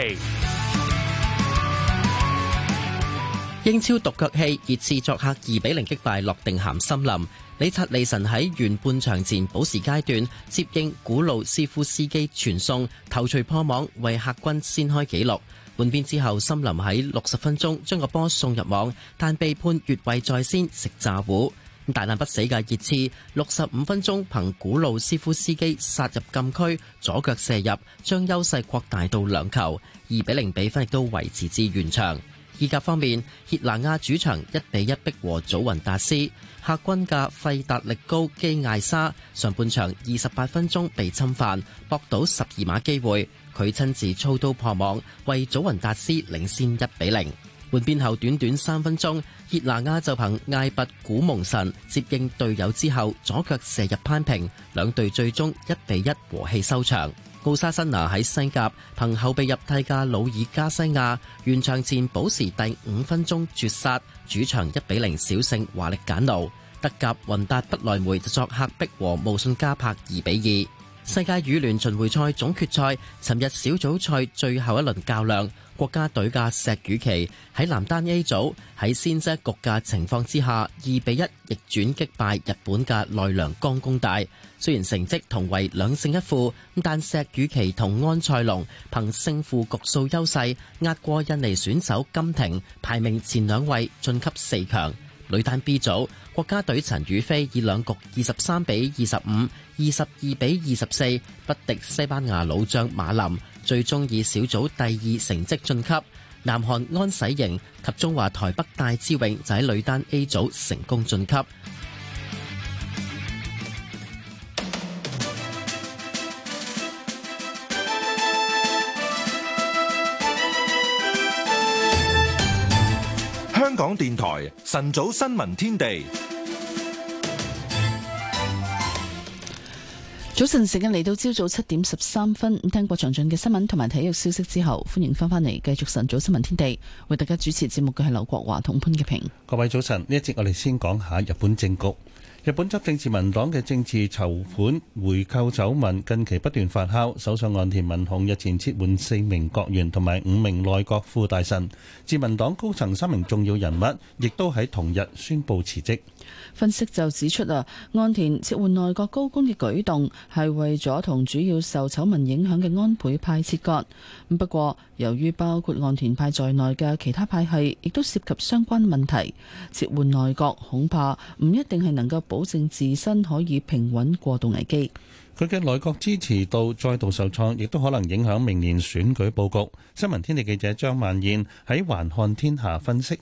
I: 英超獨腳戲，熱刺作客二比零擊敗諾定咸森林。李察利神喺完半場前補時階段接應古魯斯夫斯基傳送頭槌破網，為客軍先開紀錄。換邊之後，森林喺六十分鐘將個波送入網，但被判越位在先食炸糊。大難不死嘅熱刺，六十五分鐘憑古魯斯夫斯基殺入禁區左腳射入，將優勢擴大到兩球，二比零比分亦都維持至完場。意甲方面，熱那亞主場一比一逼和祖雲達斯，客軍嘅費達力高基艾沙上半場二十八分鐘被侵犯，搏到十二碼機會，佢親自操刀破網，為祖雲達斯領先一比零。換邊後短短三分鐘，熱那亞就憑艾拔古蒙神接應隊友之後左腳射入攀平，兩隊最終一比一和氣收場。高沙辛拿喺西甲憑後備入替嘅魯爾加西亞，完場前補時第五分鐘絕殺，主場一比零小勝華麗簡奴。德甲雲達不萊梅作客逼和慕遜加柏二比二。世界羽聯巡迴賽總決賽尋日小組賽最後一輪較量，國家隊嘅石宇奇喺男單 A 組喺先失局嘅情況之下，二比一逆轉擊敗日本嘅奈良岡功大。雖然成績同為兩勝一負，但石宇奇同安賽龍憑勝負局數優勢壓過印尼選手金廷，排名前兩位晉級四強。女單 B 組，國家隊陳雨菲以兩局二十三比二十五、二十二比二十四不敵西班牙老將馬林，最終以小組第二成績晉級。南韓安洗瑩及中華台北戴資穎就喺女單 A 組成功晉級。
A: 電台晨早新聞天地，
C: 早晨時間嚟到朝早七點十三分，聽過詳盡嘅新聞同埋體育消息之後，歡迎翻翻嚟繼續晨早新聞天地，為大家主持節目嘅係劉國華同潘潔平。
D: 各位早晨，呢一節我哋先講下日本政局。日本執政自民黨嘅政治籌款回扣醜聞近期不斷發酵，首相岸田文雄日前撤換四名國員同埋五名內閣副大臣，自民黨高層三名重要人物亦都喺同日宣布辭職。
C: 分析就指出啊，岸田撤換內閣高官嘅舉動，係為咗同主要受醜聞影響嘅安倍派切割。不過由於包括岸田派在內嘅其他派系亦都涉及相關問題，撤換內閣恐怕唔一定係能夠保證自身可以平穩過渡危機，
D: 佢嘅內閣支持度再度受創亦都可能影響明年選舉佈局。新聞天地記者張曼燕喺環看天下分析。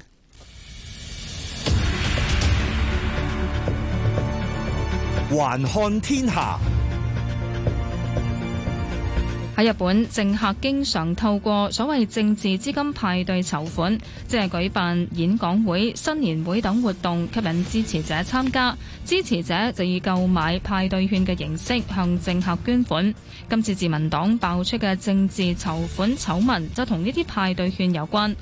D: 還看天下。
M: 喺日本，政客經常透過所謂政治資金派對籌款，即係舉辦演講會、新年會等活動，吸引支持者參加。支持者就以購買派對券嘅形式向政客捐款。今次自民黨爆出嘅政治籌款醜聞，就同呢啲派對券有關。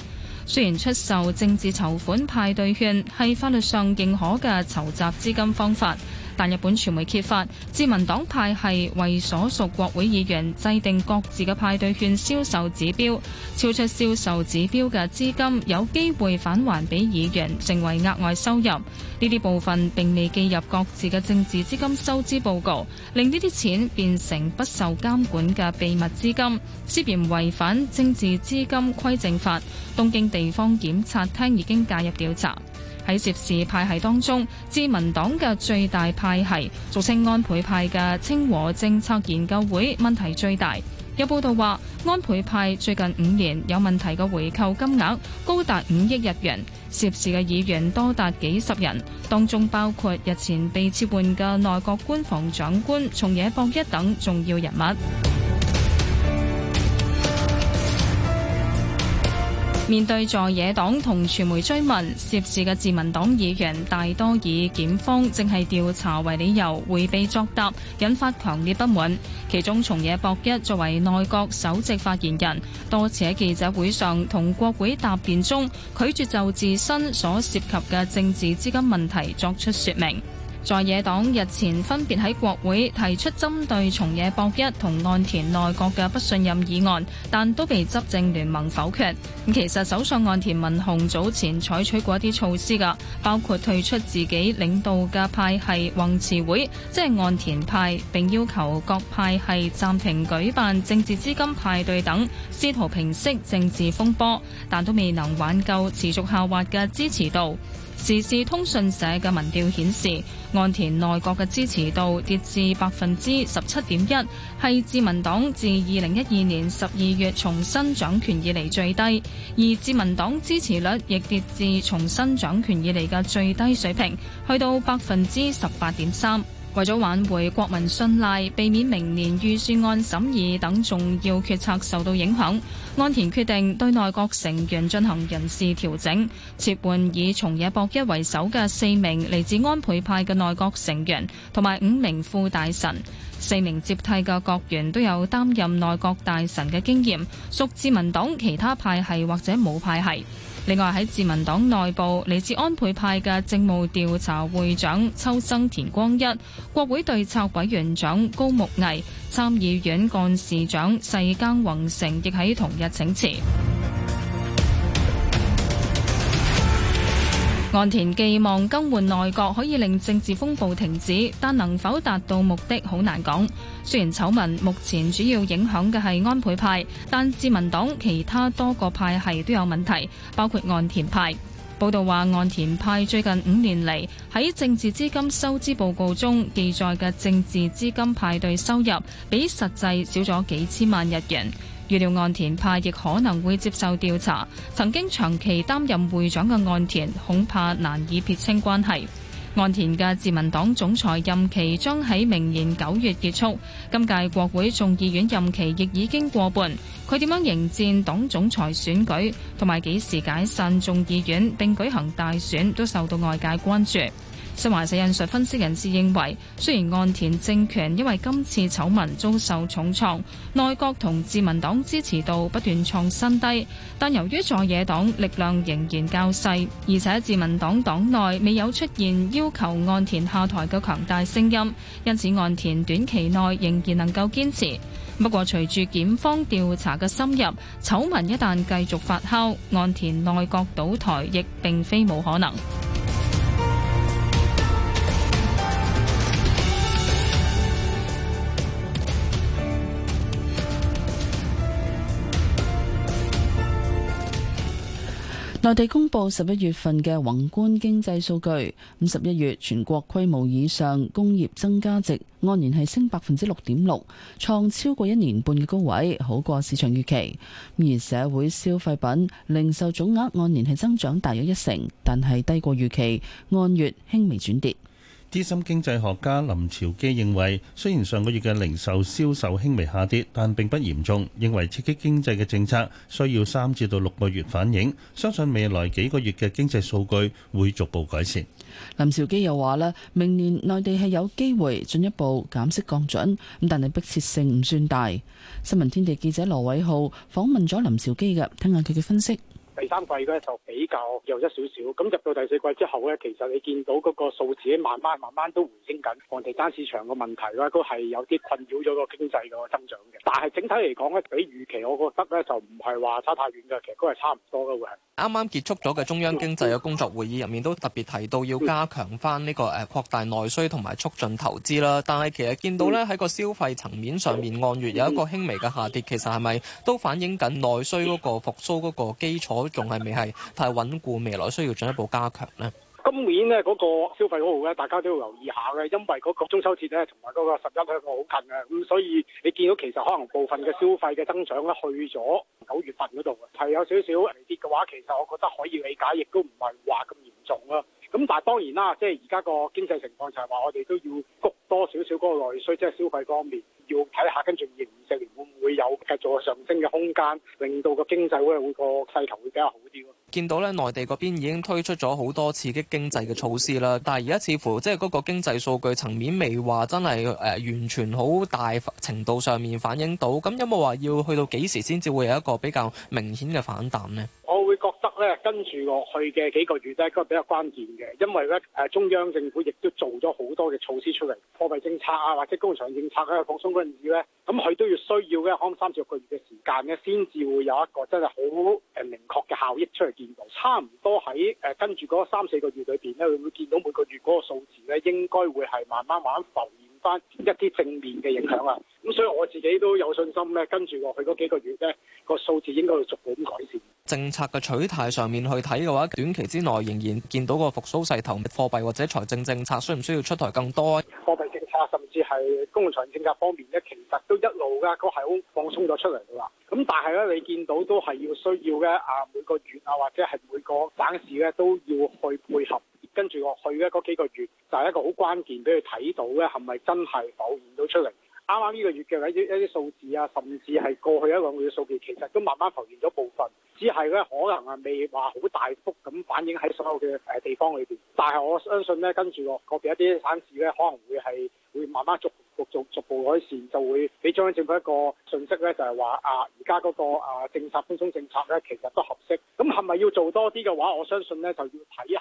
M: 雖然出售政治籌款派對券係法律上認可嘅籌集資金方法。但日本傳媒揭發，自民黨派系為所屬國會議員制定各自嘅派對券銷售指標，超出銷售指標嘅資金有機會返還俾議員，成為額外收入。呢啲部分並未記入各自嘅政治資金收支報告，令呢啲錢變成不受監管嘅秘密資金，涉嫌違反政治資金規正法。東京地方檢察廳已經介入調查。喺涉事派系當中，自民黨嘅最大派系，俗稱安倍派嘅清和政策研究會問題最大。有報道話，安倍派最近五年有問題嘅回扣金額高達五億日元，涉事嘅議員多達幾十人，當中包括日前被撤換嘅內閣官房長官松野博一等重要人物。面對在野黨同傳媒追問涉事嘅自民黨議員，大多以檢方正係調查為理由迴避作答，引發強烈不滿。其中松野博一作為內閣首席發言人，多次喺記者會上同國會答辯中拒絕就自身所涉及嘅政治資金問題作出説明。在野黨日前分別喺國會提出針對松野博一同岸田內閣嘅不信任議案，但都被執政聯盟否決。其實首相岸田文雄早前採取過一啲措施㗎，包括退出自己領導嘅派系宏池會，即係岸田派，並要求各派系暫停舉辦政治資金派對等，試圖平息政治風波，但都未能挽救持續下滑嘅支持度。時事通訊社嘅民調顯示，岸田內閣嘅支持度跌至百分之十七點一，係自民黨自二零一二年十二月重新掌權以嚟最低，而自民黨支持率亦跌至重新掌權以嚟嘅最低水平，去到百分之十八點三。為咗挽回國民信賴，避免明年預算案審議等重要決策受到影響，安田決定對內閣成員進行人事調整，撤換以松野博一為首嘅四名嚟自安倍派嘅內閣成員，同埋五名副大臣。四名接替嘅國員都有擔任內閣大臣嘅經驗，屬自民黨其他派系或者冇派系。另外，喺自民黨內部，嚟自安倍派嘅政務調查會長秋生田光一、國會對策委員長高木毅、參議院幹事長世耕宏成亦喺同日請辭。岸田寄望更換內閣可以令政治風暴停止，但能否達到目的好難講。雖然醜聞目前主要影響嘅係安倍派，但自民黨其他多個派系都有問題，包括岸田派。報道話，岸田派最近五年嚟，喺政治資金收支報告中記載嘅政治資金派對收入，比實際少咗幾千萬日元。預料岸田派亦可能會接受調查，曾經長期擔任會長嘅岸田恐怕難以撇清關係。岸田嘅自民黨總裁任期將喺明年九月結束，今屆國會眾議院任期亦已經過半，佢點樣迎戰黨總裁選舉，同埋幾時解散眾議院並舉行大選，都受到外界關注。新華社引述分析人士認為，雖然岸田政權因為今次醜聞遭受重創，內閣同自民黨支持度不斷創新低，但由於在野黨力量仍然較細，而且自民黨黨內未有出現要求岸田下台嘅強大聲音，因此岸田短期內仍然能夠堅持。不過隨住檢方調查嘅深入，醜聞一旦繼續發酵，岸田內閣倒台亦並非冇可能。
C: 內地公布十一月份嘅宏觀經濟數據，咁十一月全國規模以上工業增加值按年係升百分之六點六，創超過一年半嘅高位，好過市場預期。而社會消費品零售總額按年係增長大約一成，但係低過預期，按月輕微轉跌。
D: 資深經濟學家林兆基認為，雖然上個月嘅零售銷售輕微下跌，但並不嚴重。認為刺激經濟嘅政策需要三至到六個月反映，相信未來幾個月嘅經濟數據會逐步改善。
C: 林兆基又話啦，明年內地係有機會進一步減息降準，咁但係迫切性唔算大。新聞天地記者羅偉浩訪問咗林兆基嘅，聽下佢嘅分析。
N: 第三季嗰咧就比較弱一少少，咁入到第四季之後咧，其實你見到嗰個數字慢慢慢慢都回升緊。房地產市場個問題咧，都係有啲困擾咗個經濟個增長嘅。但係整體嚟講咧，比預期我覺得咧，就唔係話差太遠嘅，其實都係差唔多嘅會。
H: 啱啱結束咗嘅中央經濟嘅工作會議入面都特別提到要加強返呢個誒擴大內需同埋促進投資啦。但係其實見到咧喺個消費層面上面按月有一個輕微嘅下跌，其實係咪都反映緊內需嗰個復甦嗰個基礎都仲係未係太穩固，未來需要進一步加強咧。
N: 今年咧嗰個消費嗰度咧，大家都要留意下嘅，因為嗰個中秋節咧同埋嗰個十一咧好近嘅。咁所以你見到其實可能部分嘅消費嘅增長咧去咗九月份嗰度啊，係有少少跌嘅話，其實我覺得可以理解，亦都唔係話咁嚴重咯。咁但係當然啦，即係而家個經濟情況就係話，我哋都要谷多少少嗰個內需，即係消費方面要睇下，跟住二零二四年會唔會有繼續上升嘅空間，令到個經濟會會個勢頭會比較好啲
H: 咯。見到咧，內地嗰邊已經推出咗好多刺激經濟嘅措施啦，但係而家似乎即係嗰個經濟數據層面未話真係誒、呃、完全好大程度上面反映到。咁有冇話要去到幾時先至會有一個比較明顯嘅反彈咧？
N: 我會覺。跟住落去嘅幾個月咧，都係比較關鍵嘅，因為咧誒、呃、中央政府亦都做咗好多嘅措施出嚟，貨幣政策啊或者工廠政策嘅放鬆嗰陣時咧、啊。咁佢都要需要嘅，可能三四個月嘅時間咧，先至會有一個真係好誒明確嘅效益出嚟見到差。差唔多喺誒跟住嗰三四個月裏邊咧，佢會見到每個月嗰個數字咧，應該會係慢慢慢浮現翻一啲正面嘅影響啊。咁所以我自己都有信心咧，跟住落去嗰幾個月咧，個數字應該會逐步咁改善。
H: 政策嘅取態上面去睇嘅話，短期之內仍然見到個復蘇勢頭，貨幣或者財政政策需唔需要出台更多
N: 貨幣。啊，甚至係公共場政策方面咧，其實都一路咧個係好放鬆咗出嚟嘅啦。咁但係咧，你見到都係要需要嘅啊，每個月啊，或者係每個省市咧，都要去配合跟住落去咧嗰幾個月，就係一個好關鍵，俾佢睇到咧，係咪真係表現到出嚟？啱啱呢個月嘅一啲一啲數字啊，甚至係過去一個，兩個月嘅數據，其實都慢慢浮現咗部分，只係咧可能係未話好大幅咁反映喺所有嘅誒地方裏邊。但係我相信咧，跟住落個別一啲省市咧，可能會係會慢慢逐逐逐，逐步改善，就會俾中央政府一個訊息咧，就係、是、話啊，而家嗰個啊政策寬鬆政策咧，其實都合適。咁係咪要做多啲嘅話，我相信咧就要睇一下。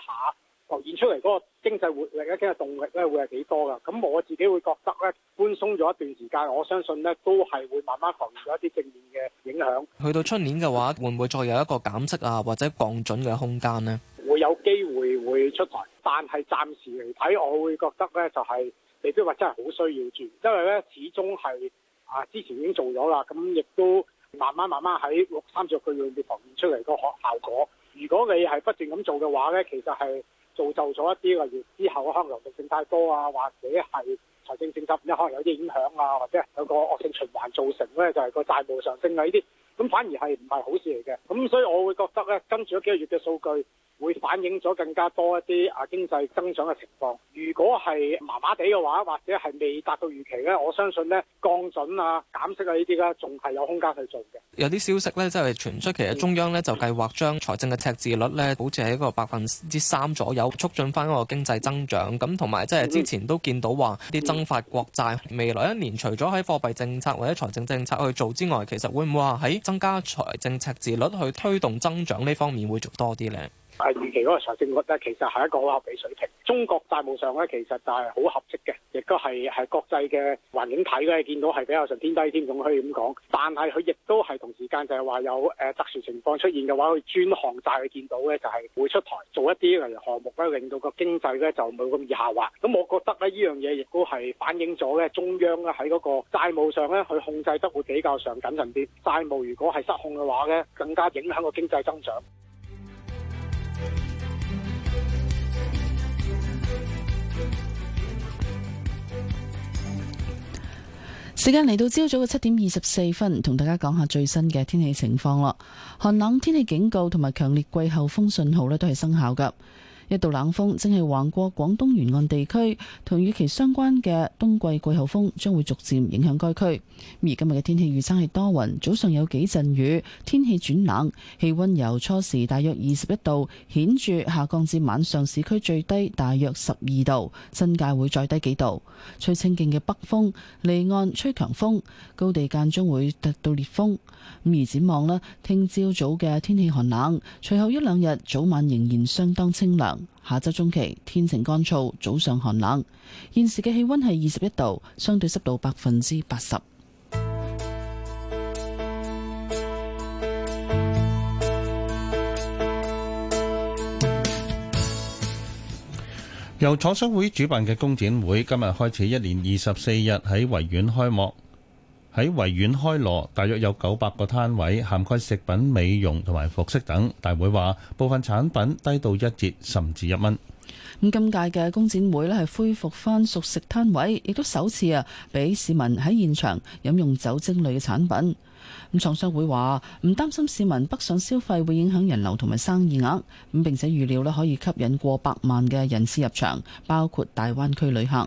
N: 浮現出嚟嗰個經濟活力，嘅經濟動力咧會係幾多噶？咁我自己會覺得咧，寬鬆咗一段時間，我相信咧都係會慢慢浮現咗一啲正面嘅影響。
H: 去到出年嘅話，會唔會再有一個減息啊，或者降準嘅空間呢？
N: 會有機會會出台，但係暫時嚟睇，我會覺得咧就係、是、未必話真係好需要住，因為咧始終係啊之前已經做咗啦，咁亦都慢慢慢慢喺六三十個月入面浮現出嚟個效果。如果你係不斷咁做嘅話咧，其實係。造就咗一啲例如之後可能流動性太多啊，或者係財政政策唔可能有啲影響啊，或者有個惡性循環造成咧，就係個債務上升啊。呢啲。咁反而係唔係好事嚟嘅？咁所以我會覺得咧，跟住咗幾個月嘅數據，會反映咗更加多一啲啊經濟增長嘅情況。如果係麻麻地嘅話，或者係未達到預期咧，我相信咧降準啊、減息啊呢啲咧，仲係、啊、有空間去做嘅。
H: 有啲消息咧，即係傳出，其實中央咧就計劃將財政嘅赤字率咧，好似喺個百分之三左右，促進翻嗰個經濟增長，咁同埋即係之前都見到話啲增發國債未來一年除咗喺貨幣政策或者財政政策去做之外，其實會唔會話喺？增加財政赤字率去推動增長呢方面會做多啲呢。
N: 啊，預期嗰個財政率咧，其實係一個好合理水平。中國債務上咧，其實就係好合適嘅，亦都係係國際嘅環境睇咧，見到係比較上偏低添，咁可以咁講。但係佢亦都係同時間就係話有誒、呃、特殊情況出現嘅話，佢專項債佢見到咧就係、是、會出台做一啲例如項目咧，令到個經濟咧就冇咁易下滑。咁我覺得咧呢樣嘢亦都係反映咗咧中央咧喺嗰個債務上咧，佢控制得會比較上謹慎啲。債務如果係失控嘅話咧，更加影響個經濟增長。
C: 時間嚟到朝早嘅七點二十四分，同大家講下最新嘅天氣情況咯。寒冷天氣警告同埋強烈季候風信號咧，都係生效㗎。一道冷鋒正係橫過廣東沿岸地區，同與其相關嘅冬季季候風將會逐漸影響該區。而今日嘅天氣預測係多雲，早上有幾陣雨，天氣轉冷，氣温由初時大約二十一度顯著下降至晚上市區最低大約十二度，新界會再低幾度。吹清勁嘅北風，離岸吹強風，高地間中會突到烈風。而展望呢，聽朝早嘅天氣寒冷，隨後一兩日早晚仍然相當清涼。下周中期天晴乾燥，早上寒冷。現時嘅氣溫係二十一度，相對濕度百分之八十。
D: 由廠商會主辦嘅工展會今日開始，一年二十四日喺維園開幕。喺維園開鑼，大約有九百個攤位，涵蓋食品、美容同埋服飾等。大會話部分產品低到一折，甚至一蚊。
C: 咁今屆嘅工展會咧係恢復返熟食攤位，亦都首次啊俾市民喺現場飲用酒精類嘅產品。咁廠商會話唔擔心市民北上消費會影響人流同埋生意額，咁並且預料咧可以吸引過百萬嘅人次入場，包括大
D: 灣區旅客。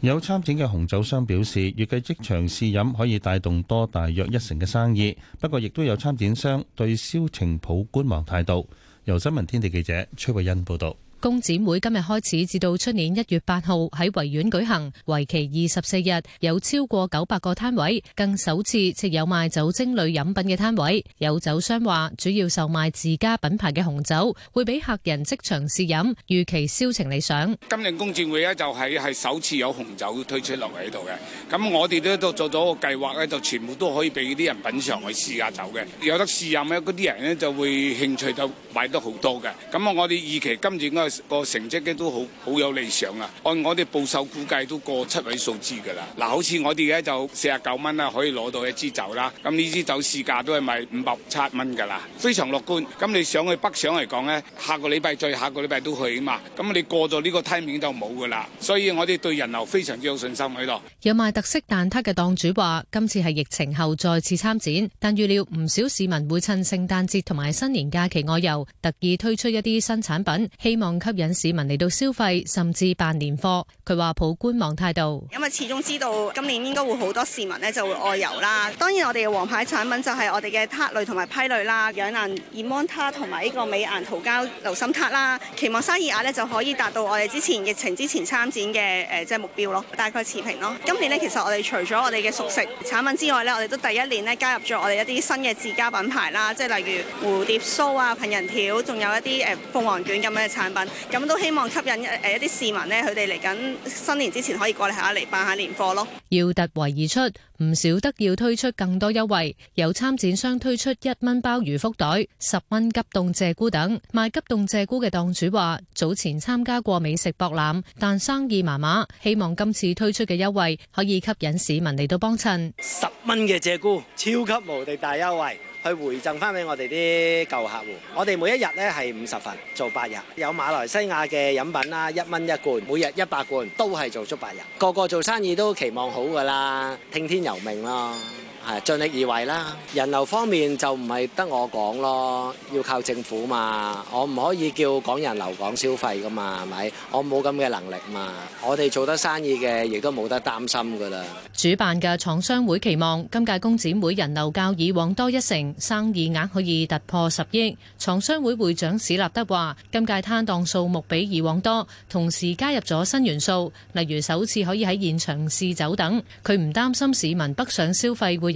D: 有參展嘅紅酒商表示，預計即場試飲可以帶動多大約一成嘅生意，不過亦都有參展商對銷情抱觀望態度。由新聞天地記者崔慧欣報導。
K: 工展會今日開始，至到出年一月八號喺維園舉行，為期二十四日，有超過九百個攤位，更首次設有賣酒精類飲品嘅攤位。有酒商話，主要售賣自家品牌嘅紅酒，會俾客人即場試飲，預期銷情理想。
N: 今年工展會咧就係係首次有紅酒推出落嚟，喺度嘅，咁我哋咧都做咗個計劃咧，就全部都可以俾啲人品嘗去試下酒嘅，有得試飲咧，嗰啲人咧就會興趣就買得好多嘅。咁啊，我哋預期今次嘅。個成績咧都好好有理想啊！按我哋報售估計，都過七位數字噶啦。嗱，好似我哋嘅就四十九蚊啦，可以攞到一支酒啦。咁呢支酒市價都係賣五百七蚊噶啦，非常樂觀。咁你上去北上嚟講呢，下個禮拜再，下個禮拜都去啊嘛。咁你過咗呢個 timing 就冇噶啦。所以我哋對人流非常之有信心喺度。
K: 有賣特色蛋撻嘅檔主話：今次係疫情後再次參展，但預料唔少市民會趁聖誕節同埋新年假期外遊，特意推出一啲新產品，希望。吸引市民嚟到消費，甚至辦年貨。佢話抱觀望態度，
O: 因為始終知道今年應該會好多市民咧就會外遊啦。當然，我哋嘅王牌產品就係我哋嘅撻類同埋批類啦，養顏耳、芒撻同埋呢個美顏桃膠流心撻啦。期望生意額咧就可以達到我哋之前疫情之前參展嘅誒即係目標咯，大概持平咯。今年呢，其實我哋除咗我哋嘅熟食產品之外呢，我哋都第一年咧加入咗我哋一啲新嘅自家品牌啦，即係例如蝴蝶酥啊、杏仁條，仲有一啲誒鳳凰卷咁樣嘅產品。咁都希望吸引誒一啲市民呢，佢哋嚟緊新年之前可以過嚟下嚟辦下年貨咯。
K: 要突圍而出，唔少得要推出更多優惠。有參展商推出一蚊鮑魚福袋、十蚊急凍謝菇等。賣急凍謝菇嘅檔主話：早前參加過美食博覽，但生意麻麻，希望今次推出嘅優惠可以吸引市民嚟到幫襯。十
P: 蚊嘅謝
I: 菇，超級無敵大優惠。去回贈翻俾我哋啲舊客戶，我哋每一日咧係五十份，做八日，有馬來西亞嘅飲品啦，一蚊一罐，每日一百罐，
B: 都係做足八日。個個做生意都期望好噶啦，聽天由命咯。係盡力而為啦！人流方面就唔係得我講咯，要靠政府嘛。
I: 我唔可以叫港人留港消費噶嘛，係咪？我冇咁嘅能力嘛。我
B: 哋做得生意嘅亦都冇得擔心噶啦。
K: 主辦嘅廠商會期望今屆工展會人流較以往多一成，生意額可以突破十億。廠商會會長史立德話：今屆攤檔數目比以往多，同時加入咗新元素，例如首次可以喺現場試酒等。佢唔擔心市民北上消費會。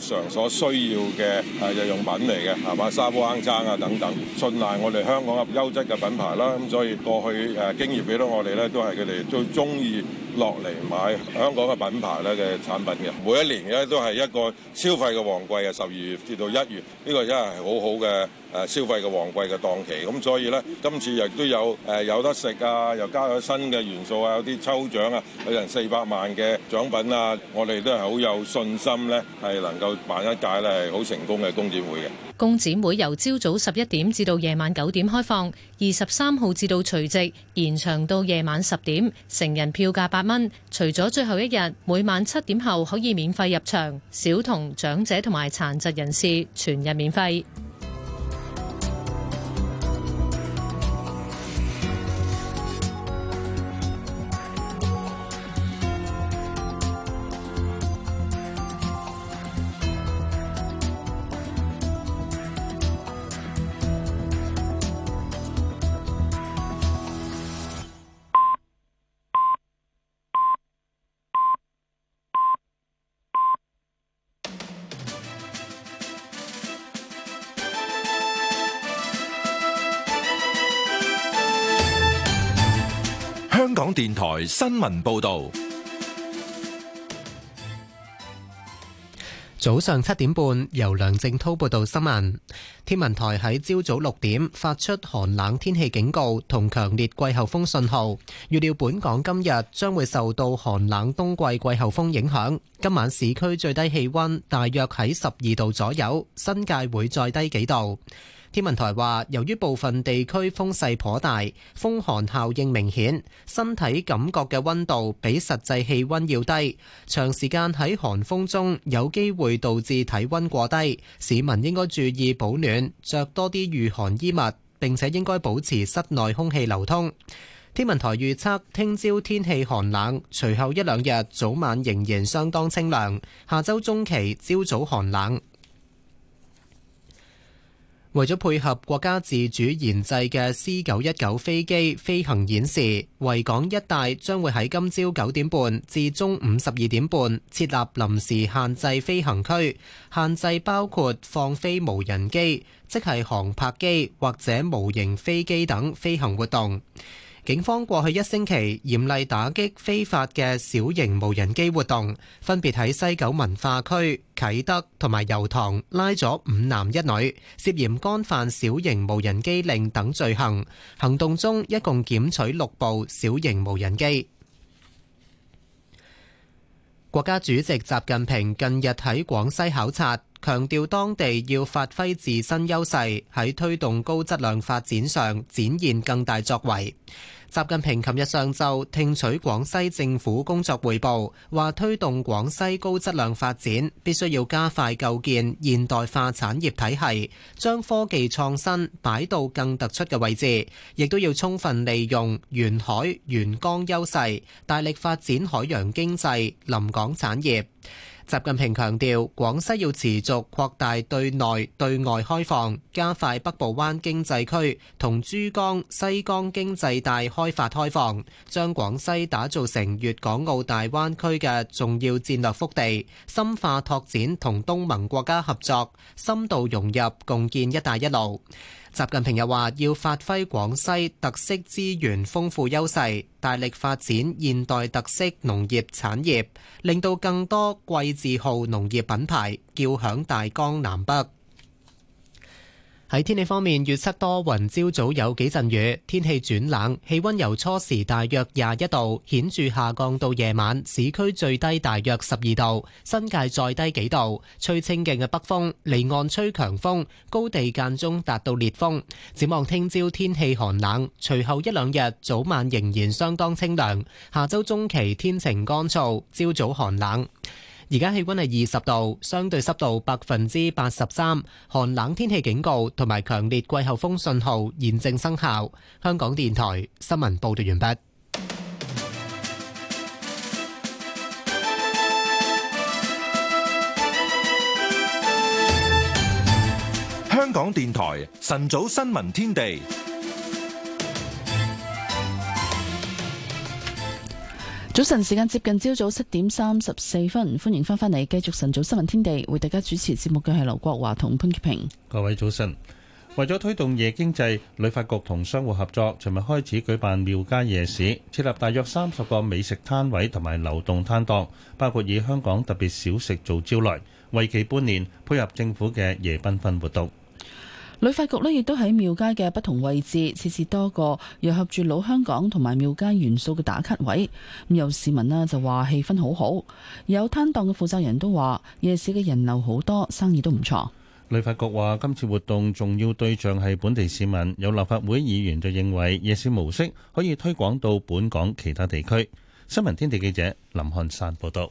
P: 常所需要嘅日、啊就是、用品嚟嘅，係嘛沙煲罌罉啊等等，信賴我哋香港嘅優質嘅品牌啦。咁所以過去誒、啊、經驗俾到我哋咧，都係佢哋最中意落嚟買香港嘅品牌咧嘅產品嘅。每一年咧都係一個消費嘅旺季啊，十二月至到一月，呢、這個真係好好嘅。誒消費嘅旺季嘅檔期，咁所以咧，今次亦都有誒有得食啊，又加咗新嘅元素啊，有啲抽獎啊，有成四百萬嘅獎品啊。我哋都係好有信心咧，係能夠辦一屆咧係好成功嘅工展會嘅。
K: 工展會由朝早十一點至到夜晚九點開放，二十三號至到除夕延長到夜晚十點。成人票價八蚊，除咗最後一日每晚七點後可以免費入場，小童、長者同埋殘疾人士全日免費。
A: 電台新聞報道。
B: 早上七點半，由梁正滔報道新聞。天文台喺朝早六點發出寒冷天氣警告同強烈季候風信號，預料本港今日將會受到寒冷冬季季候風影響。今晚市區最低氣温大約喺十二度左右，新界會再低幾度。天文台話，由於部分地區風勢頗大，風寒效應明顯，身體感覺嘅溫度比實際氣溫要低。長時間喺寒風中有機會導致體溫過低，市民應該注意保暖，着多啲御寒衣物，並且應該保持室內空氣流通。天文台預測，聽朝天氣寒冷，隨後一兩日早晚仍然相當清涼，下周中期朝早寒冷。為咗配合國家自主研製嘅 C 九一九飛機飛行演示，維港一帶將會喺今朝九點半至中午十二點半設立臨時限制飛行區，限制包括放飛無人機，即係航拍機或者模型飛機等飛行活動。警方過去一星期嚴厲打擊非法嘅小型無人機活動，分別喺西九文化區、啟德同埋油塘拉咗五男一女，涉嫌干犯小型無人機令等罪行。行動中一共檢取六部小型無人機。國家主席習近平近日喺廣西考察。強調當地要發揮自身優勢，喺推動高質量發展上展現更大作為。習近平琴日上晝聽取廣西政府工作匯報，話推動廣西高質量發展，必須要加快構建現代化產業體系，將科技創新擺到更突出嘅位置，亦都要充分利用沿海沿江優勢，大力發展海洋經濟、臨港產業。習近平強調，廣西要持續擴大對內對外開放，加快北部灣經濟區同珠江、西江經濟帶開發開放，將廣西打造成粵港澳大灣區嘅重要戰略腹地，深化拓展同東盟國家合作，深度融入共建“一帶一路”。習近平又話：要發揮廣西特色資源豐富優勢，大力發展現代特色農業產業，令到更多桂字號農業品牌叫響大江南北。喺天氣方面，月七多雲，朝早，早有幾陣雨，天氣轉冷，氣溫由初時大約廿一度顯著下降到夜晚，市區最低大約十二度，新界再低幾度，吹清勁嘅北風離岸吹強風高地間中達到烈風，展望聽朝天氣寒冷，隨後一兩日早晚仍然相當清涼，下周中期天晴乾燥，朝早，早寒冷。而家氣温係二十度，相對濕度百分之八十三，寒冷天氣警告同埋強烈季候風信號現正生效。香港電台新聞報道完畢。
A: 香港電台晨早新聞天地。
C: 早晨時間接近朝早七點三十四分，歡迎翻返嚟繼續晨早新聞天地，為大家主持節目嘅係劉國華同潘潔平。
D: 各位早晨，為咗推動夜經濟，旅發局同商戶合作，尋日開始舉辦廟街夜市，設立大約三十個美食攤位同埋流動攤檔，包括以香港特別小食做招徠，為期半年，配合政府嘅夜繽紛活動。
C: 旅發局呢亦都喺廟街嘅不同位置設置多個糅合住老香港同埋廟街元素嘅打卡位，咁有市民呢就話氣氛好好，有攤檔嘅負責人都話夜市嘅人流好多，生意都唔錯。
D: 旅發局話今次活動重要對象係本地市民，有立法會議員就認為夜市模式可以推廣到本港其他地區。新聞天地記者林漢山報道。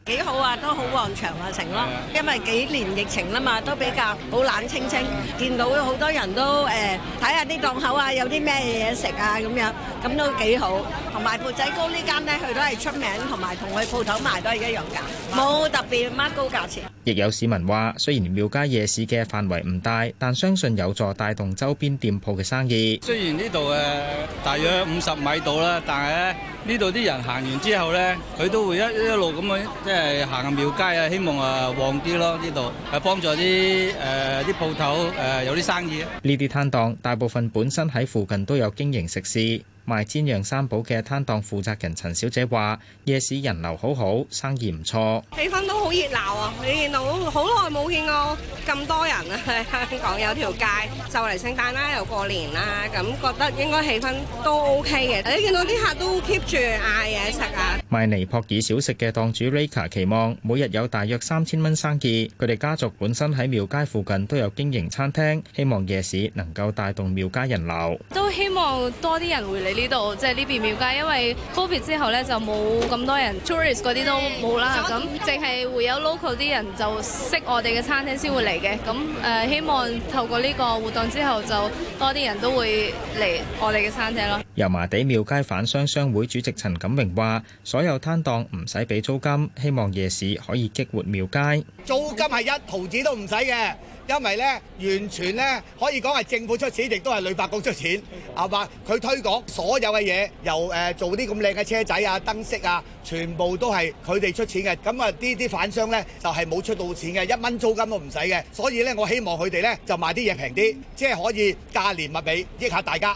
E: 幾好啊，都好旺場啊程咯，因為幾年疫情
L: 啦嘛，都比較好冷清清，見到好多人都誒睇下啲檔口啊，有啲咩嘢食啊咁樣，咁都幾好。同埋缽仔糕呢間咧，佢都係出名，同埋同佢鋪頭賣都係一樣㗎，冇特別乜高價錢。
Q: 亦有市民話，雖然廟街夜市嘅範圍唔大，但相信有助帶動周邊店鋪嘅生意。雖
N: 然呢度誒大約五十米度啦，但係咧呢度啲人行完之後咧，佢都會一一路咁樣。即係行下廟街啊，希望啊旺啲咯，呢度啊幫助啲誒啲鋪頭誒有啲生意。
Q: 呢啲攤檔大部分本身喺附近都有經營食肆。賣煎釀三寶嘅攤檔負責人陳小姐話：夜市人流好好，生意唔錯，
O: 氣氛都好熱鬧啊！你到見到好耐冇見過咁多人啊， 香港有條街就嚟聖誕啦，又過年啦，咁覺得應該氣氛都 OK 嘅。你、哎、見到啲客都 keep 住嗌嘢食啊！
Q: 賣尼泊爾小食嘅檔主 Rica 期望每日有大約三千蚊生意。佢哋家族本身喺廟街附近都有經營餐廳，希望夜市能夠帶動廟街人流。
M: 都希望多啲人會嚟。呢度即係呢邊廟街，因為 COVID 之後呢，就冇咁多人，tourist 嗰啲都冇啦，咁淨係會有 local 啲人就識我哋嘅餐廳先會嚟嘅。咁誒，希望透過呢個活動之後，就多啲人都會嚟
N: 我哋嘅餐廳咯。
Q: 油麻地廟街販商商會主席陳錦榮話，所有攤檔唔使俾租金，希望夜市可以激活廟街。
N: 租金係一毫子都唔使嘅。因為呢，完全呢可以講係政府出錢，亦都係旅發局出錢，係嘛過？佢、啊、推廣所有嘅嘢，由誒、呃、做啲咁靚嘅車仔啊、燈飾啊，全部都係佢哋出錢嘅。咁啊，啲啲反商呢，就係、是、冇出到錢嘅，一蚊租金都唔使嘅。所以呢，我希望佢哋呢，就賣啲嘢平啲，即係可以價廉物美，益下大家。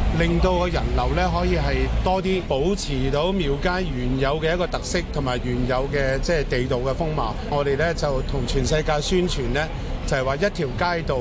N: 令到個人流咧可以係多啲，保持到廟街原有嘅一個特色，同埋原有嘅即係地道嘅風貌。我哋咧就同全世界宣傳咧，就係話一條街道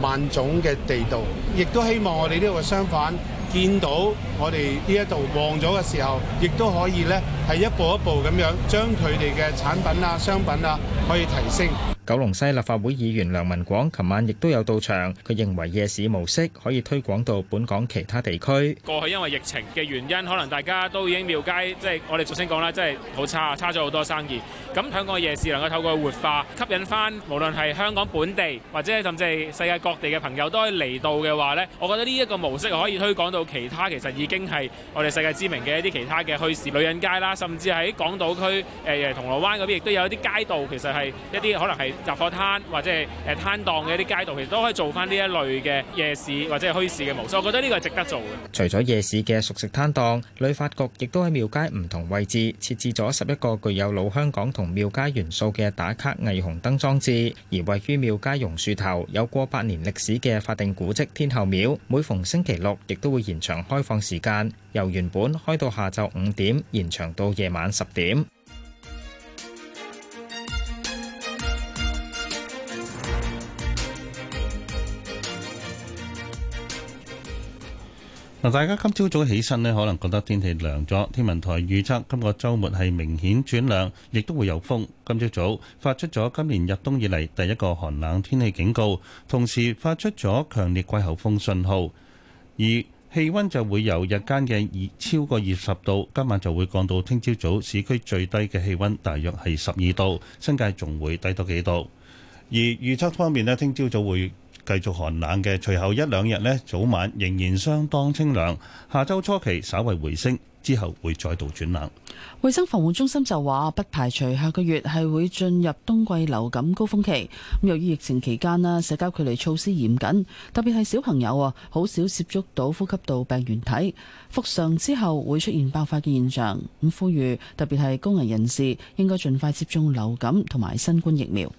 N: 萬種嘅地道，亦都希望我哋呢度嘅商販見到我哋呢一度旺咗嘅時候，亦都可以咧係一步一步咁樣將佢哋嘅產品啊、商品啊可以提升。
Q: 九龍西立法會議員梁文廣琴晚亦都有到場，佢認為夜市模式可以推廣到本港其他地區。
G: 過去因為疫情嘅原因，可能大家都已經了解，即係我哋頭先講啦，即係好差，差咗好多生意。咁香港嘅夜市能夠透過活化，吸引翻無論係香港本地或者甚至係世界各地嘅朋友都可以嚟到嘅話咧，我覺得呢一個模式可以推廣到其他，其實已經係我哋世界知名嘅一啲其他嘅墟市、女人街啦，甚至喺港島區誒銅鑼灣嗰邊亦都有一啲街道，其實係一啲可能係。雜貨攤或者係誒攤檔嘅一啲街道，其實都可以做翻呢一類嘅夜市或者係墟市嘅模式。我覺得呢個係值得做嘅。
Q: 除咗夜市嘅熟食攤檔，旅發局亦都喺廟街唔同位置設置咗十一個具有老香港同廟街元素嘅打卡霓虹燈裝置。而位於廟街榕樹頭有過百年歷史嘅法定古蹟天后廟，每逢星期六亦都會延長開放時間，由原本開到下晝五點，延長到夜晚十點。
D: 嗱，大家今朝早起身咧，可能覺得天氣涼咗。天文台預測今個週末係明顯轉涼，亦都會有風。今朝早發出咗今年入冬以嚟第一個寒冷天氣警告，同時發出咗強烈季候風信號，而氣温就會由日間嘅二超過二十度，今晚就會降到聽朝早市區最低嘅氣温，大約係十二度，新界仲會低多幾度。而預測方面咧，聽朝早會，繼續寒冷嘅，隨後一兩日呢，早晚仍然相當清涼。下周初期稍為回升，之後會再度轉冷。
C: 衞生防護中心就話，不排除下個月係會進入冬季流感高峰期。咁由於疫情期間啊，社交距離措施嚴謹，特別係小朋友啊，好少接觸到呼吸道病原體，復常之後會出現爆發嘅現象。咁呼籲特別係高危人士，應該盡快接種流感同埋新冠疫苗。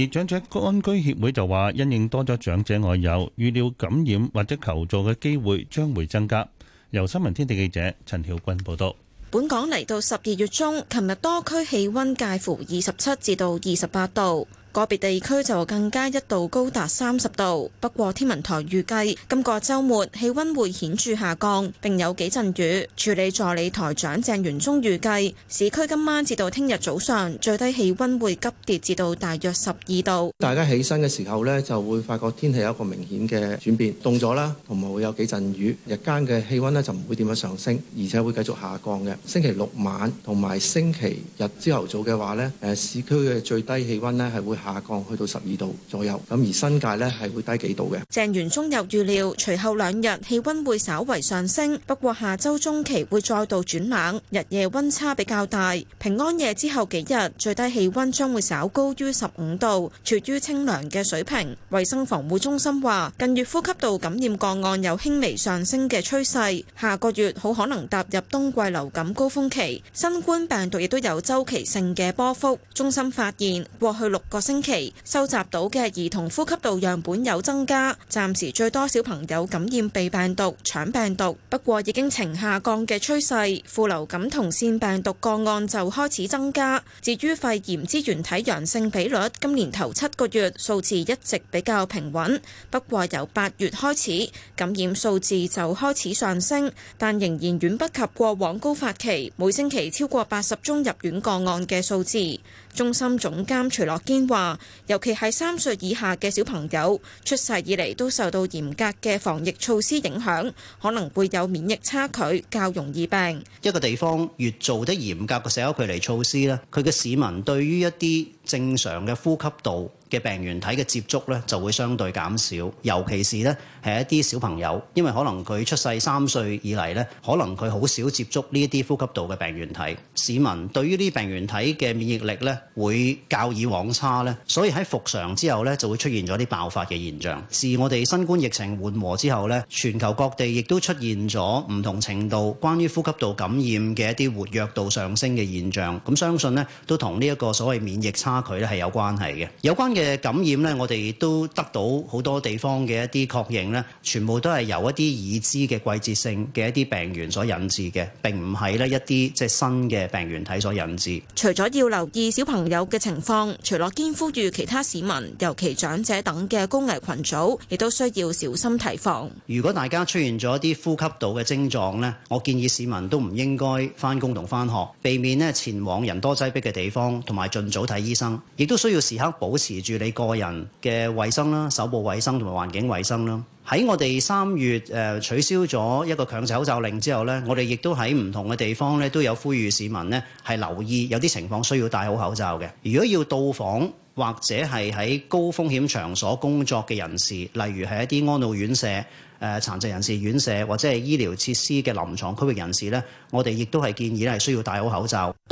D: 而長者安居協會就話，因應多咗長者外遊，預料感染或者求助嘅機會將會增加。由新聞天地記者陳曉君報道。
O: 本港嚟到十二月中，琴日多區氣温介乎二十七至到二十八度。個別地區就更加一度高達三十度。不過天文台預計今個周末氣溫會顯著下降，並有幾陣雨。處理助理台長鄭元忠預計，市區今晚至到聽日早上最低氣溫會急跌至到大約十二度。大
I: 家起身嘅時候呢，就會發覺天氣有一個明顯嘅轉變，凍咗啦，同埋會有幾陣雨。日間嘅氣溫呢，就唔會點樣上升，而且會繼續下降嘅。星期六晚同埋星期日朝頭早嘅話呢，誒，市區嘅最低氣溫呢，係會。下降去到十二度左右，咁，而新界咧係會低幾度嘅。
O: 鄭元宗又預料，隨後兩日氣溫會稍為上升，不過下週中期會再度轉冷，日夜溫差比較大。平安夜之後幾日，最低氣溫將會稍高於十五度，處於清涼嘅水平。衛生防護中心話，近月呼吸道感染個案有輕微上升嘅趨勢，下個月好可能踏入冬季流感高峰期。新冠病毒亦都有週期性嘅波幅。中心發現，過去六個星，星期收集到嘅兒童呼吸道樣本有增加，暫時最多小朋友感染鼻病毒、腸病毒，不過已經呈下降嘅趨勢。副流感同腺病毒個案就開始增加。至於肺炎支原體陽性比率，今年頭七個月數字一直比較平穩，不過由八月開始感染數字就開始上升，但仍然遠不及過往高發期，每星期超過八十宗入院個案嘅數字。中心總監徐樂堅話，尤其係三歲以下嘅小朋友，出世以嚟都受到嚴格嘅防疫措施影響，
R: 可能會有免疫差距，較容易病。一個地方越做得嚴格嘅社交距離措施咧，佢嘅市民對於一啲。正常嘅呼吸道嘅病原體嘅接觸咧，就會相對減少，尤其是咧係一啲小朋友，因為可能佢出世三歲以嚟咧，可能佢好少接觸呢一啲呼吸道嘅病原體，市民對於呢病原體嘅免疫力咧，會較以往差咧，所以喺復常之後咧，就會出現咗啲爆發嘅現象。自我哋新冠疫情緩和之後咧，全球各地亦都出現咗唔同程度關於呼吸道感染嘅一啲活躍度上升嘅現象。咁、嗯、相信咧，都同呢一個所謂免疫差。差距咧係有關係嘅，有關嘅感染呢，我哋都得到好多地方嘅一啲確認呢，全部都係由一啲已知嘅季節性嘅一啲病原所引致嘅，並唔係呢一啲即係新嘅病原體所引致。
O: 除咗要留意小朋友嘅情況，除咗堅呼籲其他市民，尤其長者等嘅高危群組，亦都需要小心提防。
R: 如果大家出現咗一啲呼吸道嘅症狀呢，我建議市民都唔應該返工同返學，避免呢前往人多擠逼嘅地方，同埋盡早睇醫生。亦都需要時刻保持住你個人嘅衛生啦、手部衛生同埋環境衛生啦。喺我哋三月誒取消咗一個強制口罩令之後咧，我哋亦都喺唔同嘅地方咧都有呼籲市民咧係留意有啲情況需要戴好口罩嘅。如果要到訪或者係喺高風險場所工作嘅人士，例如係一啲安老院舍、誒、呃、殘疾人士院舍或者係醫療設施嘅臨牀區域人士咧，我哋亦都係建議咧，係需要戴好口罩。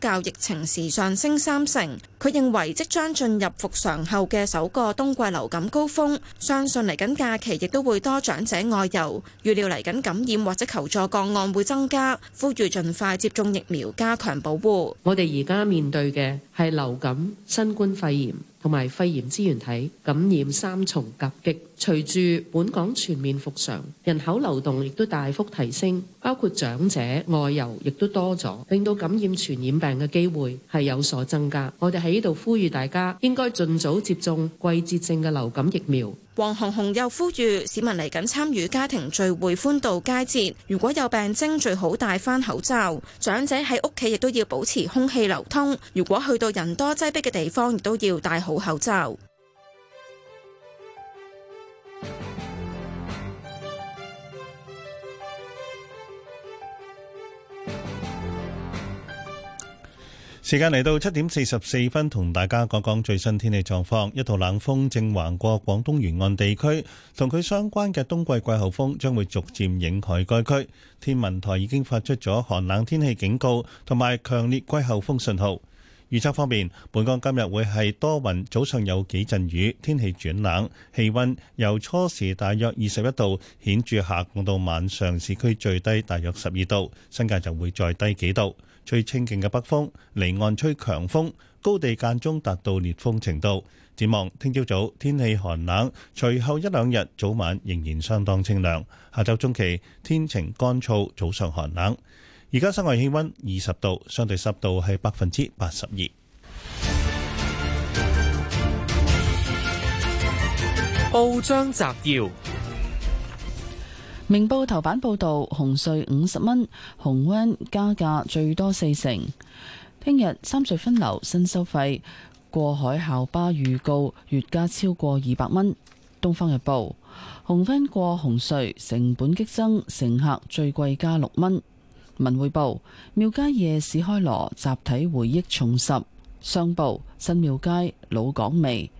O: 較疫情時上升三成，佢認為即將進入復常後嘅首個冬季流感高峰，相信嚟緊假期亦都會多長者外遊，預料嚟緊感染或者求助個案會增加，呼籲盡快接種疫苗加強保護。
C: 我哋而家面對嘅係流感、新冠肺炎。同埋肺炎支原體感染三重夾擊，隨住本港全面復常，人口流動亦都大幅提升，包括長者外遊亦都多咗，令到感染傳染病嘅機會係有所增加。我哋喺呢度呼籲大家應該盡早接種季節性嘅流感疫苗。
O: 黃鴻雄又呼籲市民嚟緊參與家庭聚會、歡度佳節，如果有病徵，最好戴翻口罩。長者喺屋企亦都要保持空氣流通，如果去到人多擠逼嘅地方，亦都要戴好口罩。
D: 時間嚟到七點四十四分，同大家講講最新天氣狀況。一道冷鋒正橫過廣東沿岸地區，同佢相關嘅冬季季候風將會逐漸影響該區。天文台已經發出咗寒冷天氣警告同埋強烈季候風信號。預測方面，本港今日會係多雲，早上有幾陣雨，天氣轉冷，氣温由初時大約二十一度顯著下降到晚上市區最低大約十二度，新界就會再低幾度。吹清勁嘅北風，離岸吹強風，高地間中達到烈風程度。展望聽朝早天氣寒冷，隨後一兩日早晚仍然相當清涼。下週中期天晴乾燥，早上寒冷。而家室外氣温二十度，相對濕度係百分之八十二。報章摘要。明報
C: 頭版報道，紅隧五十蚊，紅 van 加價最多四成。聽日三隧分流新收費，過海校巴預告月加超過二百蚊。東方日報，紅 van 過紅隧成本激增，乘客最貴加六蚊。文匯報，廟街夜市開鑼，集體回憶重拾。商報，新廟街老港味。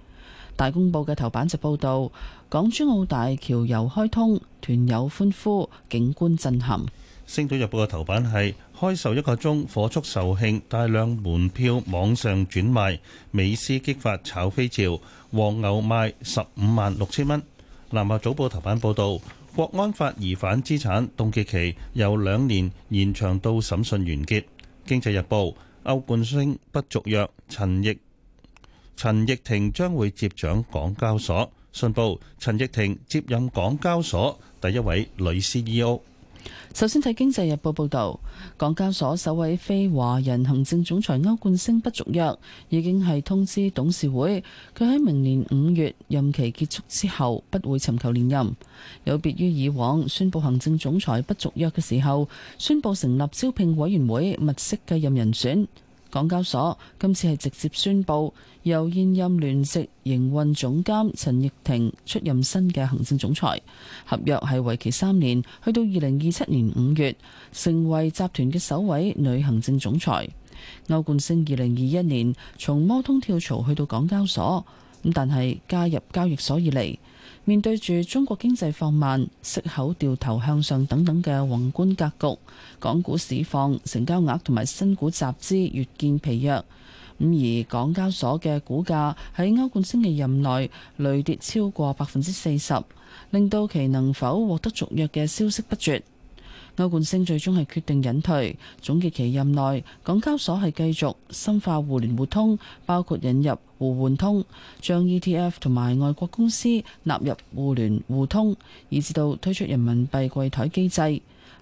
C: 大公報嘅頭版就報道港珠澳大橋又開通，團友歡呼，景觀震撼。
D: 星島日報嘅頭版係開售一個鐘，火速售罄，大量門票網上轉賣，美斯激發炒飛潮，黃牛賣十五萬六千蚊。南華早報頭版報道國安法疑犯資產凍結期由兩年延長到審訊完結。經濟日報，歐冠星不續約，陳奕。陳逸婷將會接掌港交所，信報陳逸婷接任港交所第一位女 CEO。
C: 首先睇經濟日報報道，港交所首位非華人行政總裁歐冠星不續約，已經係通知董事會，佢喺明年五月任期結束之後不會尋求連任。有別於以往宣布行政總裁不續約嘅時候，宣布成立招聘委員會物色繼任人選。港交所今次係直接宣布由現任聯席營運總監陳奕婷出任新嘅行政總裁，合約係為期三年，去到二零二七年五月，成為集團嘅首位女行政總裁。歐冠星二零二一年從摩通跳槽去到港交所，咁但係加入交易所以嚟，面對住中國經濟放慢、息口掉頭向上等等嘅宏觀格局，港股市況成交額同埋新股集資越見疲弱。咁而港交所嘅股價喺歐冠星嘅任內累跌超過百分之四十，令到其能否獲得續約嘅消息不絕。歐冠星最終係決定引退，總結其任內港交所係繼續深化互聯互通，包括引入。互換通將 ETF 同埋外國公司納入互聯互通，以至到推出人民幣櫃台機制，